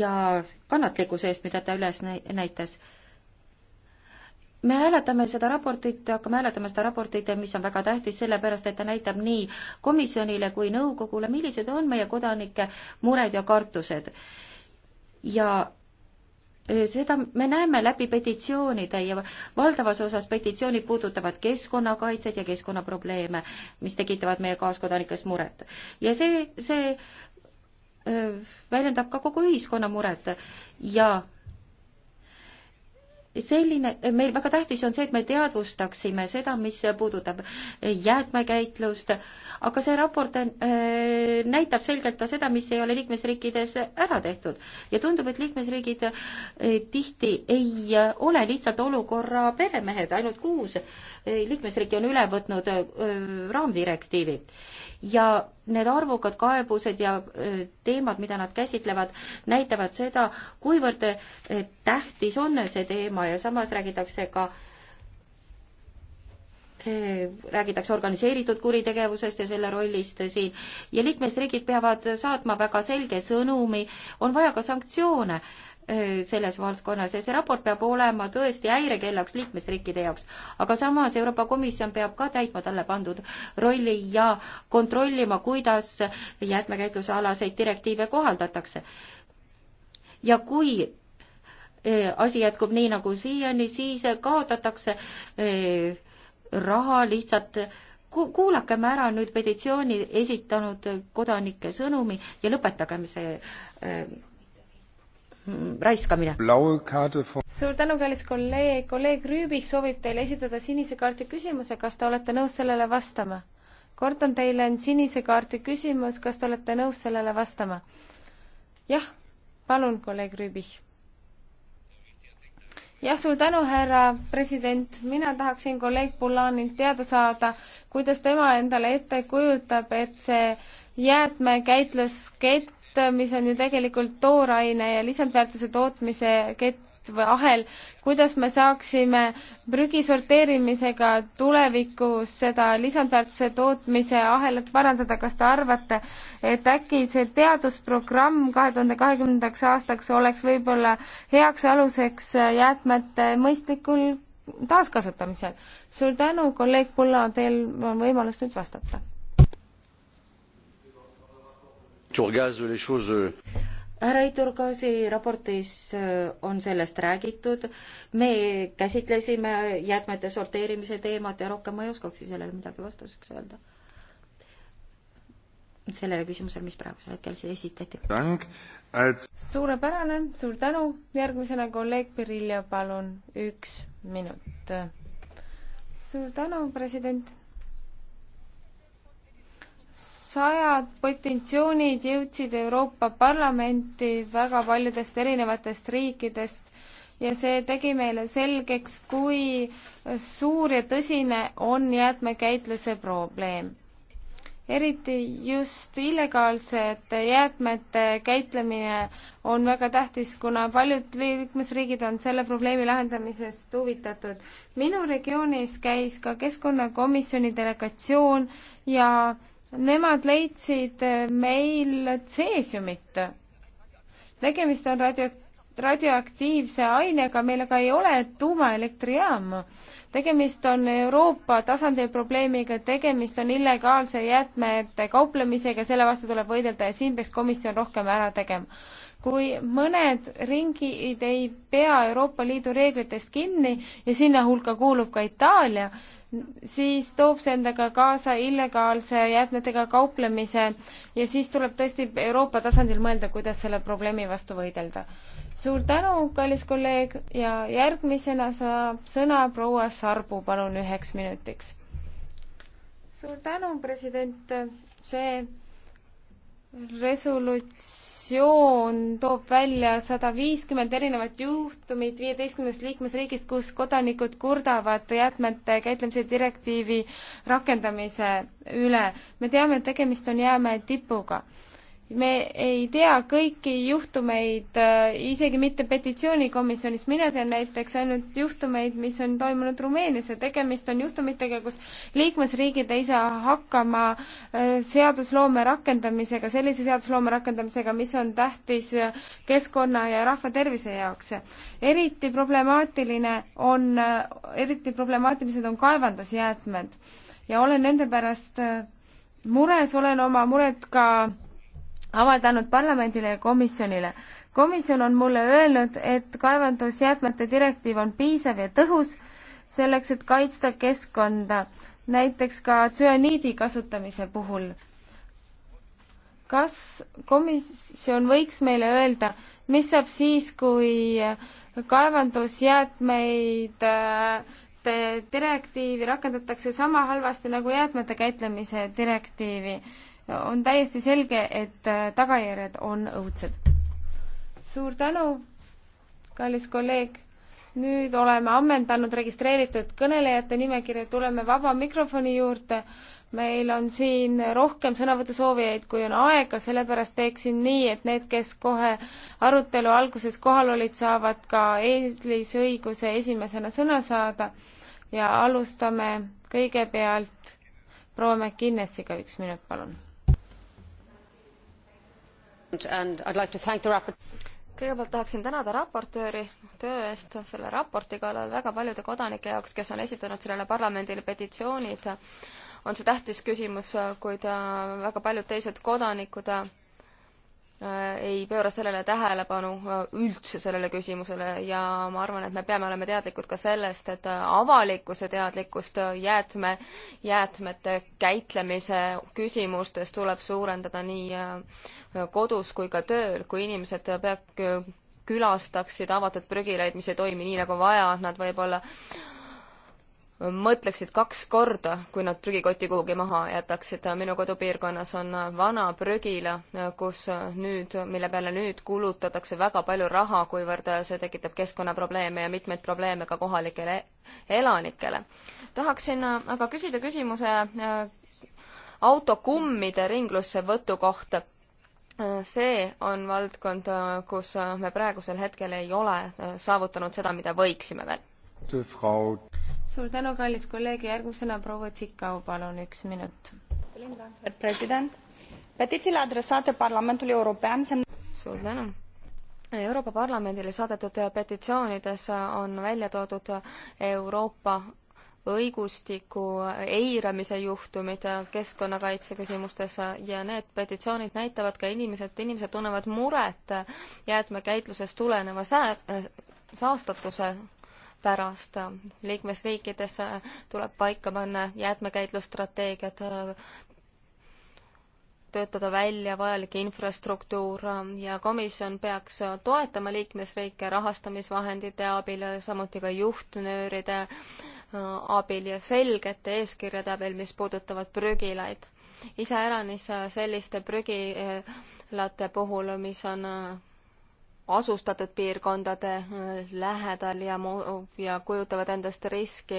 ja kannatlikkuse eest, mida ta üles näitas me hääletame seda raportit, hakkame hääletama seda raportit, mis on väga tähtis, sellepärast et ta näitab nii komisjonile kui nõukogule, millised on meie kodanike mured ja kartused. ja Äh, seda me näeme läbi petitsioonide ja valdavas osas petitsioonid puudutavad keskkonnakaitset ja keskkonnaprobleeme, mis tekitavad meie kaaskodanikest muret. ja see, see öö, äh, väljendab ka kogu ühiskonna muret ja selline, meil väga tähtis on see, et me teadvustaksime seda, mis puudutab jäätmekäitlust, aga see raport äh, näitab selgelt ka seda, mis ei ole liikmesriikides ära tehtud. ja tundub, et liikmesriigid äh, tihti ei äh, ole lihtsalt olukorra peremehed, ainult kuus liikmesriiki on üle võtnud raamdirektiivi ja need arvukad kaebused ja teemad, mida nad käsitlevad, näitavad seda, kuivõrd tähtis on see teema ja samas räägitakse ka räägitakse organiseeritud kuritegevusest ja selle rollist siin ja liikmesriigid peavad saatma väga selge sõnumi, on vaja ka sanktsioone selles valdkonnas ja see raport peab olema tõesti häirekellaks liikmesriikide jaoks. aga samas Euroopa Komisjon peab ka täitma talle pandud rolli ja kontrollima, kuidas jäätmekäitlusealaseid direktiive kohaldatakse. ja kui asi jätkub nii nagu siiani, siis kaotatakse raha lihtsalt ku-, kuulakem ära nüüd petitsiooni esitanud kodanike sõnumi ja lõpetagem see raiskamine. suur tänu, kallis kolleeg, kolleeg Rüübik soovib teile esitada sinise kaardi küsimuse, kas te olete nõus sellele vastama? kordan teile, on sinise kaardi küsimus, kas te olete nõus sellele vastama? jah, palun, kolleeg Rüübik. jah, suur tänu, härra president, mina tahaksin kolleeg Bulanilt teada saada, kuidas tema endale ette kujutab, et see jäätmekäitluskett kett, äh, mis on ju tegelikult tooraine ja lisandväärtuse tootmise kett või ahel, kuidas me saaksime prügi sorteerimisega tulevikus seda lisandväärtuse tootmise ahelat parandada, kas te arvate, et äkki see teadusprogramm kahe tuhande kahekümnendaks aastaks oleks võib-olla heaks aluseks jäätmete mõistlikul taaskasutamisel? suur tänu, kolleeg Pulla, teil on võimalus nüüd vastata Euh, härra Iturgasi raportis äh, on sellest räägitud, me käsitlesime jäätmete sorteerimise teemat ja rohkem ma ei oskakski sellele midagi vastuseks öelda. sellele küsimusele, mis praegusel hetkel siis esitati. suurepärane, suur tänu, järgmisena kolleeg Pirilja, palun, üks minut. suur tänu, president sajad petitsioonid jõudsid Euroopa Parlamenti väga paljudest erinevatest riikidest ja see tegi meile selgeks, kui suur ja tõsine on jäätmekäitluse probleem. eriti just illegaalsete jäätmete käitlemine on väga tähtis, kuna paljud liikmesriigid on selle probleemi lahendamisest huvitatud. minu regioonis käis ka keskkonnakomisjoni delegatsioon ja Nemad leidsid eh, meil tseesiumit. tegemist on radio, radioaktiivse ainega, meil aga ei ole tuumaelektrijaama. tegemist on Euroopa tasandil probleemiga, tegemist on illegaalse jäätmete kauplemisega, selle vastu tuleb võidelda ja siin peaks komisjon rohkem ära tegema kui mõned ringid ei pea Euroopa Liidu reeglitest kinni ja sinna hulka kuulub ka Itaalia, siis toob see endaga kaasa illegaalse jäätmetega kauplemise ja siis tuleb tõesti Euroopa tasandil mõelda, kuidas selle probleemi vastu võidelda. suur tänu, kallis kolleeg ja järgmisena saab sõna proua Sarbu, palun üheks minutiks. suur tänu, president, see resolutsioon toob välja sada viiskümmend erinevat juhtumit viieteistkümnest liikmesriigist, kus kodanikud kurdavad jäätmete käitlemise direktiivi rakendamise üle. me teame, et tegemist on jäämäe tipuga me ei tea kõiki juhtumeid, äh, isegi mitte petitsioonikomisjonis, mina tean näiteks ainult juhtumeid, mis on toimunud Rumeenias ja tegemist on juhtumitega, kus liikmesriigid ei saa hakkama äh, seadusloome rakendamisega, sellise seadusloome rakendamisega, mis on tähtis äh, keskkonna ja rahva tervise jaoks. eriti problemaatiline on, eriti problemaatilised on kaevandusjäätmed ja olen nende pärast mures, olen oma mured ka avaldanud parlamendile ja komisjonile. komisjon on mulle öelnud, et kaevandusjäätmete direktiiv on piisav ja tõhus selleks, et kaitsta keskkonda, näiteks ka tsüaniidi kasutamise puhul. kas komisjon võiks meile öelda, mis saab siis, kui kaevandusjäätmeid äh, direktiivi rakendatakse sama halvasti nagu jäätmete käitlemise direktiivi on täiesti selge, et äh, tagajärjed on õudsed. suur tänu, kallis kolleeg. nüüd oleme ammendanud registreeritud kõnelejate nimekirja, tuleme vaba mikrofoni juurde. meil on siin rohkem sõnavõtusoovijaid, kui on aega, sellepärast teeksin nii, et need, kes kohe arutelu alguses kohal olid, saavad ka eelisõiguse esimesena sõna saada ja alustame kõigepealt proua McInnesiga, üks minut, palun kõigepealt tahaksin tänada raportööri töö eest selle raporti kallal väga paljude kodanike jaoks, kes on esitanud sellele parlamendile petitsioonid, on see tähtis küsimus, kuid äh, väga paljud teised kodanikud äh, Äh, ei pööra sellele tähelepanu, äh, üldse sellele küsimusele ja ma arvan, et me peame olema teadlikud ka sellest, et äh, avalikkuse teadlikkust jäätme, jäätmete käitlemise küsimustes tuleb suurendada nii kodus kui ka tööl, kui inimesed peab, külastaksid avatud prügilaid, mis ei toimi nii nagu vaja, nad võib-olla mõtleksid kaks korda, kui nad prügikoti kuhugi maha jätaksid. minu kodupiirkonnas on vana prügila, kus nüüd, mille peale nüüd kulutatakse väga palju raha, kuivõrd see tekitab keskkonnaprobleeme ja mitmeid probleeme ka kohalikele elanikele. tahaksin aga küsida küsimuse äh, autokummide ringlussevõtu kohta äh, see on valdkond, äh, kus me praegusel hetkel ei ole saavutanud seda, mida võiksime veel. Frau suur tänu, kallis kolleeg ja järgmisena proua Tsikau, palun üks minut. petițiile adresate Parlamentului European suur tänu. Euroopa Parlamendile saadetud petitsioonides on välja toodud Euroopa õigustiku eiramise juhtumid keskkonnakaitse küsimustes ja need petitsioonid näitavad ka inimesed, inimesed tunnevad muret jäätmekäitlusest tuleneva sää-, äh, saastatuse pärast. liikmesriikides äh, tuleb paika panna jäätmekäitlusstrateegiad, äh, töötada välja vajalik infrastruktuur äh, ja komisjon peaks toetama liikmesriike rahastamisvahendite abil, samuti ka juhtnööride abil ja selgete eeskirjade abil, mis puudutavad prügilaid. iseäranis selliste prügilate puhul, mis on asustatud piirkondade äh, lähedal ja mu-, ja kujutavad endast riski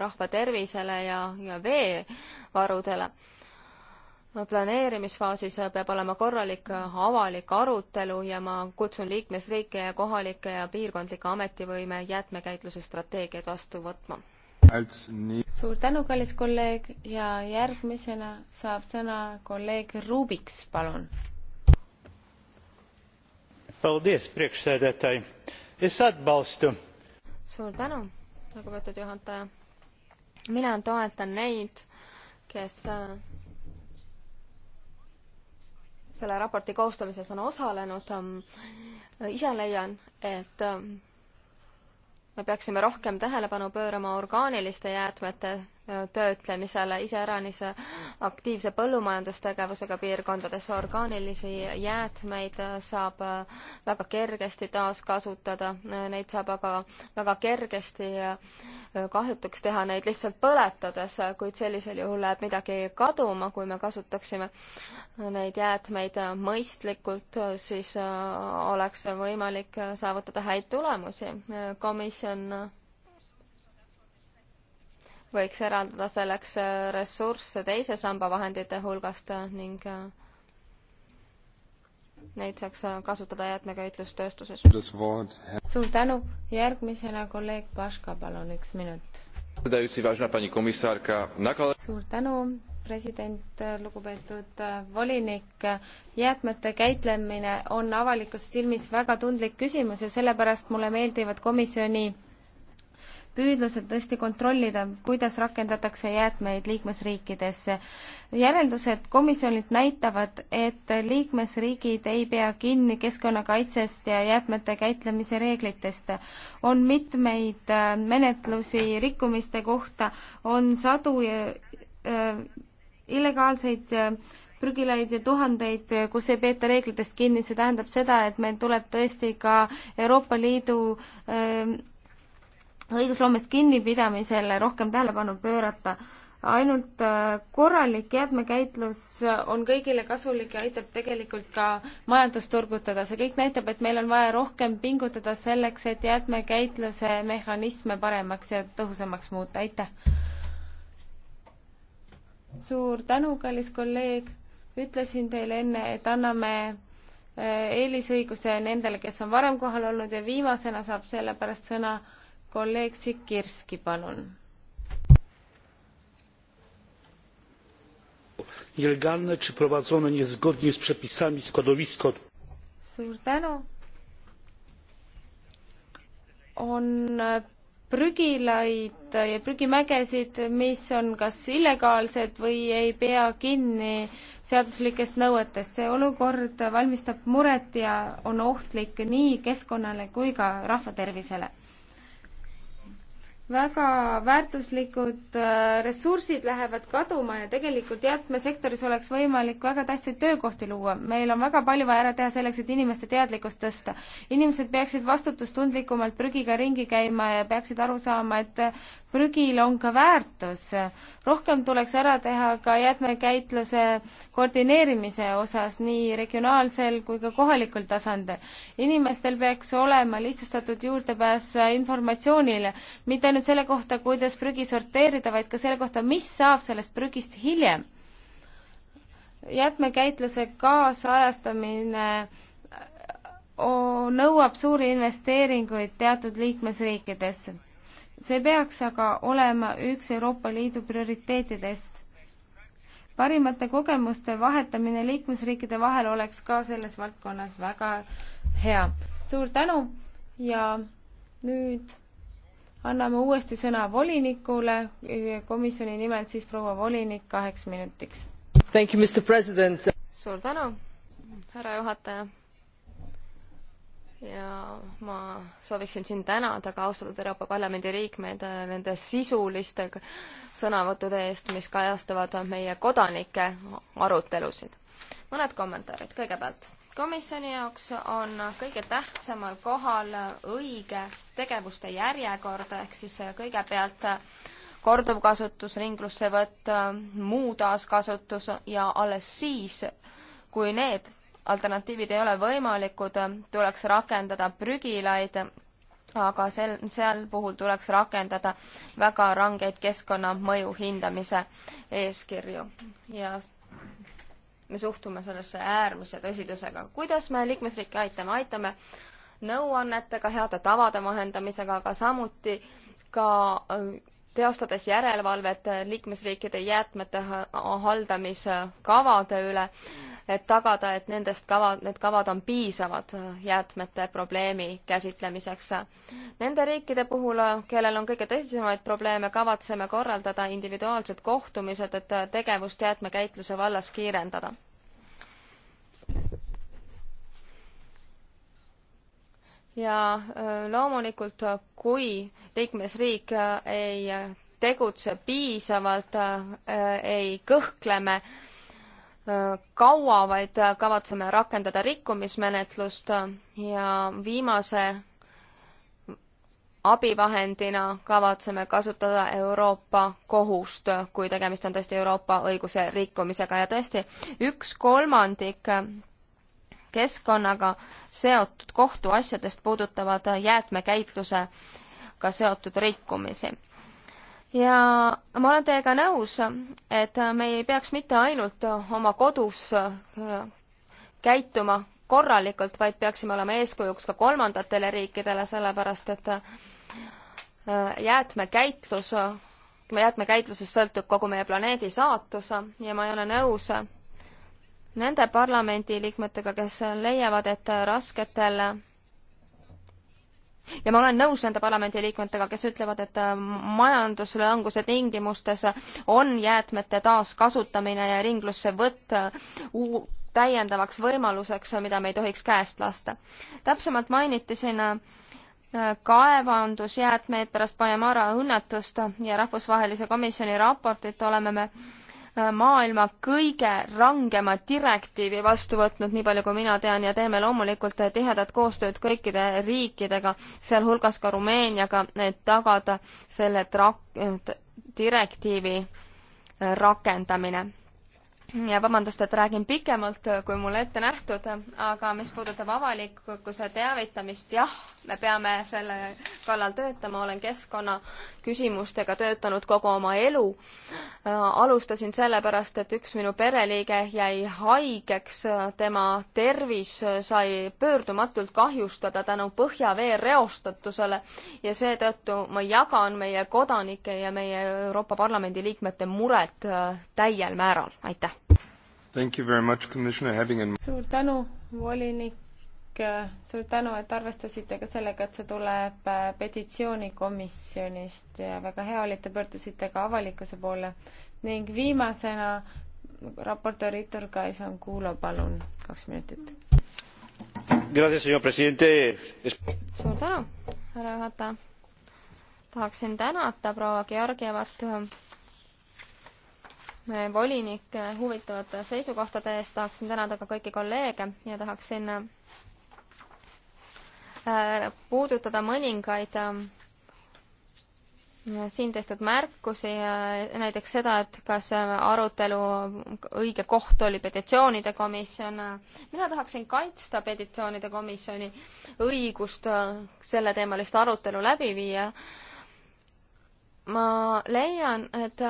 rahva tervisele ja, ja veevarudele. planeerimisfaasis peab olema korralik äh, avalik arutelu ja ma kutsun liikmesriike ja kohalikke ja piirkondlikke ametivõime jäätmekäitluse strateegiaid vastu võtma. suur tänu, kallis kolleeg, ja järgmisena saab sõna kolleeg Rubiks, palun Paldies, priekšsēdētāji. Es atbalstu. Suur tänu, lugupeetud juhataja. Mina toetan neid, kes äh, selle raporti koostamises on osalenud. Ähm, ise leian, et ähm, me peaksime rohkem tähelepanu pöörama orgaaniliste jäätmete töötlemisele, iseäranis aktiivse põllumajandustegevusega piirkondades orgaanilisi jäätmeid saab väga kergesti taaskasutada, neid saab aga väga kergesti kahjutuks teha, neid lihtsalt põletades, kuid sellisel juhul läheb midagi kaduma, kui me kasutaksime neid jäätmeid mõistlikult, siis oleks võimalik saavutada häid tulemusi. komisjon võiks eraldada selleks äh, ressursse teise samba vahendite hulgast äh, ning äh, neid saaks kasutada jäätmekäitlustööstuses. suur tänu, järgmisena kolleeg Paška, palun üks minut. suur tänu, president, lugupeetud volinik, jäätmete käitlemine on avalikkuse silmis väga tundlik küsimus ja sellepärast mulle meeldivad komisjoni püüdlused tõesti kontrollida, kuidas rakendatakse jäätmeid liikmesriikidesse. järeldused komisjonilt näitavad, et liikmesriigid ei pea kinni keskkonnakaitsest ja jäätmete käitlemise reeglitest. on mitmeid äh, menetlusi rikkumiste kohta, on sadu äh, äh illegaalseid äh, prügilaid ja tuhandeid, kus ei peeta reeglitest kinni, see tähendab seda, et meil tuleb tõesti ka Euroopa Liidu äh, õigusloomest kinnipidamisele rohkem tähelepanu pöörata. ainult äh, korralik jäätmekäitlus on kõigile kasulik ja aitab tegelikult ka majandust turgutada. see kõik näitab, et meil on vaja rohkem pingutada selleks, et jäätmekäitluse mehhanisme paremaks ja tõhusamaks muuta. aitäh! suur tänu, kallis kolleeg! ütlesin teile enne, et anname äh, eelisõiguse nendele, kes on varem kohal olnud ja viimasena saab sellepärast sõna kolleeg Sikirski, palun. nielegalne czy prowadzone niezgodnie z przepisami składowisko. suur tänu. on prügilaid ja prügimägesid, mis on kas illegaalsed või ei pea kinni seaduslikest nõuetest. see olukord valmistab muret ja on ohtlik nii keskkonnale kui ka rahvatervisele väga väärtuslikud äh, ressursid lähevad kaduma ja tegelikult jäätmesektoris oleks võimalik väga tähtsaid töökohti luua. meil on väga palju vaja ära teha selleks, et inimeste teadlikkust tõsta. inimesed peaksid vastutustundlikumalt prügiga ringi käima ja peaksid aru saama, et prügil on ka väärtus. rohkem tuleks ära teha ka jäätmekäitluse koordineerimise osas nii regionaalsel kui ka kohalikul tasandil. inimestel peaks olema lihtsustatud juurdepääs informatsioonile, mitte ainult selle kohta, kuidas prügi sorteerida, vaid ka selle kohta, mis saab sellest prügist hiljem. jäätmekäitluse kaasajastamine nõuab suuri investeeringuid teatud liikmesriikidesse see peaks aga olema üks Euroopa Liidu prioriteetidest. parimate kogemuste vahetamine liikmesriikide vahel oleks ka selles valdkonnas väga hea. suur tänu ja nüüd anname uuesti sõna volinikule komisjoni nimel siis proua volinik kaheks minutiks. suur tänu, härra juhataja ja ma sooviksin sind tänada ka austatud Euroopa Parlamendi liikmeid nende sisuliste sõnavõttude eest, mis kajastavad meie kodanike arutelusid. mõned kommentaarid kõigepealt. komisjoni jaoks on kõige tähtsamal kohal õige tegevuste järjekord, ehk siis kõigepealt korduvkasutus, ringlussevõtt, muu taaskasutus ja alles siis, kui need alternatiivid ei ole võimalikud, tuleks rakendada prügilaid, aga sel, seal puhul tuleks rakendada väga rangeid keskkonnamõju hindamise eeskirju ja me suhtume sellesse äärmise tõsidusega. kuidas me liikmesriike aitame? aitame nõuannetega, heade tavade vahendamisega, aga samuti ka äh, teostades järelevalvet liikmesriikide jäätmete haldamiskavade üle et tagada, et nendest kavad, need kavad on piisavad äh, jäätmete probleemi käsitlemiseks. Nende riikide puhul, äh, kellel on kõige tõsisemaid probleeme, kavatseme korraldada individuaalsed kohtumised, et äh, tegevust jäätmekäitluse vallas kiirendada. ja loomulikult, kui liikmesriik ei tegutse piisavalt, ei kõhkleme äh, Äh, kaua, vaid äh, kavatseme rakendada rikkumismenetlust äh, ja viimase abivahendina kavatseme kasutada Euroopa kohust, kui tegemist on tõesti Euroopa õiguse rikkumisega ja tõesti, üks kolmandik keskkonnaga seotud kohtuasjadest puudutavad jäätmekäitlusega seotud rikkumisi ja ma olen teiega nõus, et me ei peaks mitte ainult oma kodus äh, käituma korralikult, vaid peaksime olema eeskujuks ka kolmandatele riikidele, sellepärast et äh, jäätmekäitlus, jäätmekäitlusest sõltub kogu meie planeedi saatus ja ma ei ole nõus nende parlamendiliikmetega, kes leiavad, et rasketel ja ma olen nõus nende parlamendiliikmetega, kes ütlevad, et äh, majanduslanguse tingimustes on jäätmete taaskasutamine ja ringlusse võtt äh, täiendavaks võimaluseks, mida me ei tohiks käest lasta. täpsemalt mainiti siin äh, kaevandusjäätmeid pärast Bajamara õnnetust ja rahvusvahelise komisjoni raportit oleme me maailma kõige rangema direktiivi vastu võtnud, nii palju kui mina tean, ja teeme loomulikult tihedat koostööd kõikide riikidega, sealhulgas ka Rumeeniaga, et tagada selle tra-, direktiivi rakendamine ja vabandust, et räägin pikemalt, kui mulle ette nähtud, aga mis puudutab avalikkuse teavitamist, jah, me peame selle kallal töötama, olen keskkonnaküsimustega töötanud kogu oma elu. alustasin sellepärast, et üks minu pereliige jäi haigeks, tema tervis sai pöördumatult kahjustada tänu põhjavee reostatusele ja seetõttu ma jagan meie kodanike ja meie Euroopa Parlamendi liikmete muret täiel määral, aitäh! suur tänu, volinik, suur tänu, et arvestasite ka sellega, et see tuleb äh, petitsioonikomisjonist ja väga hea oli, et te pöördusite ka avalikkuse poole. ning viimasena raportöör Itur Kaison Kuulo, palun, kaks minutit. suur tänu, härra juhataja. tahaksin tänada proua Georgievat volinike huvitavate seisukohtade eest, tahaksin tänada ka kõiki kolleege ja tahaksin äh, puudutada mõningaid äh, siin tehtud märkusi, äh, näiteks seda, et kas arutelu õige koht oli petitsioonide komisjon. mina tahaksin kaitsta petitsioonide komisjoni õigust selleteemalist arutelu läbi viia ma leian, et,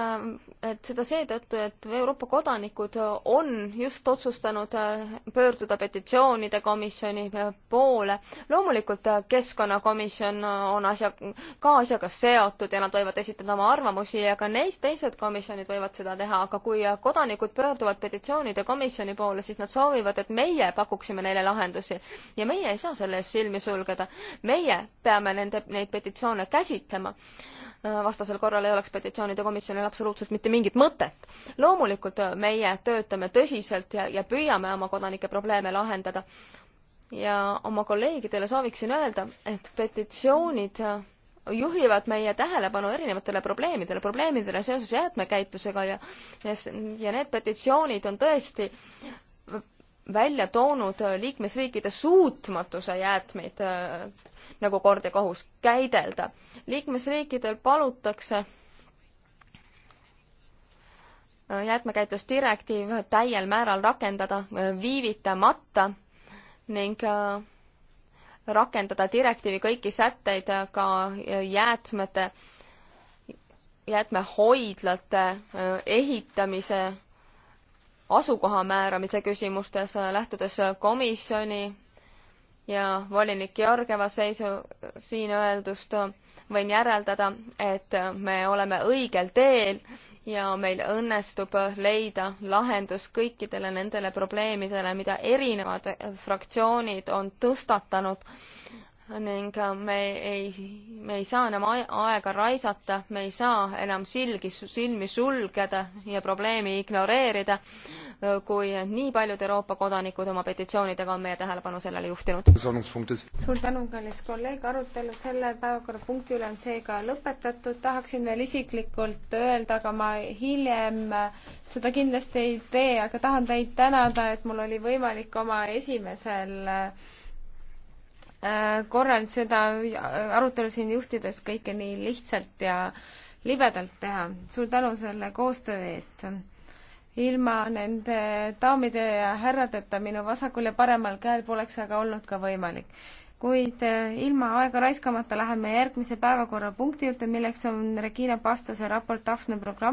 et seda seetõttu, et Euroopa kodanikud on just otsustanud äh, pöörduda petitsioonide komisjoni poole. loomulikult äh, keskkonnakomisjon äh, on asja, ka asjaga seotud ja nad võivad esitada oma arvamusi ja ka neist teised komisjonid võivad seda teha, aga kui kodanikud pöörduvad petitsioonide komisjoni poole, siis nad soovivad, et meie pakuksime neile lahendusi. ja meie ei saa selle eest silmi sulgeda. meie peame nende, neid petitsioone käsitlema Äh, vastasel korral ei oleks petitsioonide komisjonil absoluutselt mitte mingit mõtet. loomulikult äh, meie töötame tõsiselt ja, ja püüame oma kodanike probleeme lahendada. ja oma kolleegidele sooviksin öelda, et petitsioonid äh, juhivad meie tähelepanu erinevatele probleemidele, probleemidele seoses jäätmekäitlusega ja ja, ja need petitsioonid on tõesti välja toonud äh, liikmesriikide suutmatuse jäätmeid äh, nagu kord ja kohus käidelda. liikmesriikidel palutakse äh, jäätmekäitlusdirektiiv täiel määral rakendada viivitamata ning rakendada direktiivi kõiki sätteid ka jäätmete, jäätmehoidlate ehitamise asukoha määramise küsimustes, lähtudes komisjoni ja volinik Georgieva seisu siin öeldust, võin järeldada, et me oleme õigel teel ja meil õnnestub leida lahendus kõikidele nendele probleemidele, mida erinevad fraktsioonid on tõstatanud ning äh, me ei, me ei saa enam aega raisata, me ei saa enam silgi, silmi sulgeda ja probleemi ignoreerida, äh, kui nii paljud Euroopa kodanikud oma petitsioonidega on meie tähelepanu sellele juhtinud. suur tänu, kallis kolleeg, arutelu selle päevakorrapunkti üle on seega lõpetatud, tahaksin veel isiklikult öelda, aga ma hiljem äh, seda kindlasti ei tee, aga tahan teid tänada, et mul oli võimalik oma esimesel Äh, korral seda arutelu siin juhtides kõike nii lihtsalt ja libedalt teha. suur tänu selle koostöö eest ilma nende daamide ja härradeta minu vasakul ja paremal käel poleks aga olnud ka võimalik. kuid äh, ilma aega raiskamata läheme järgmise päevakorrapunkti juurde, milleks on Regina Pastose raport Daphne programm.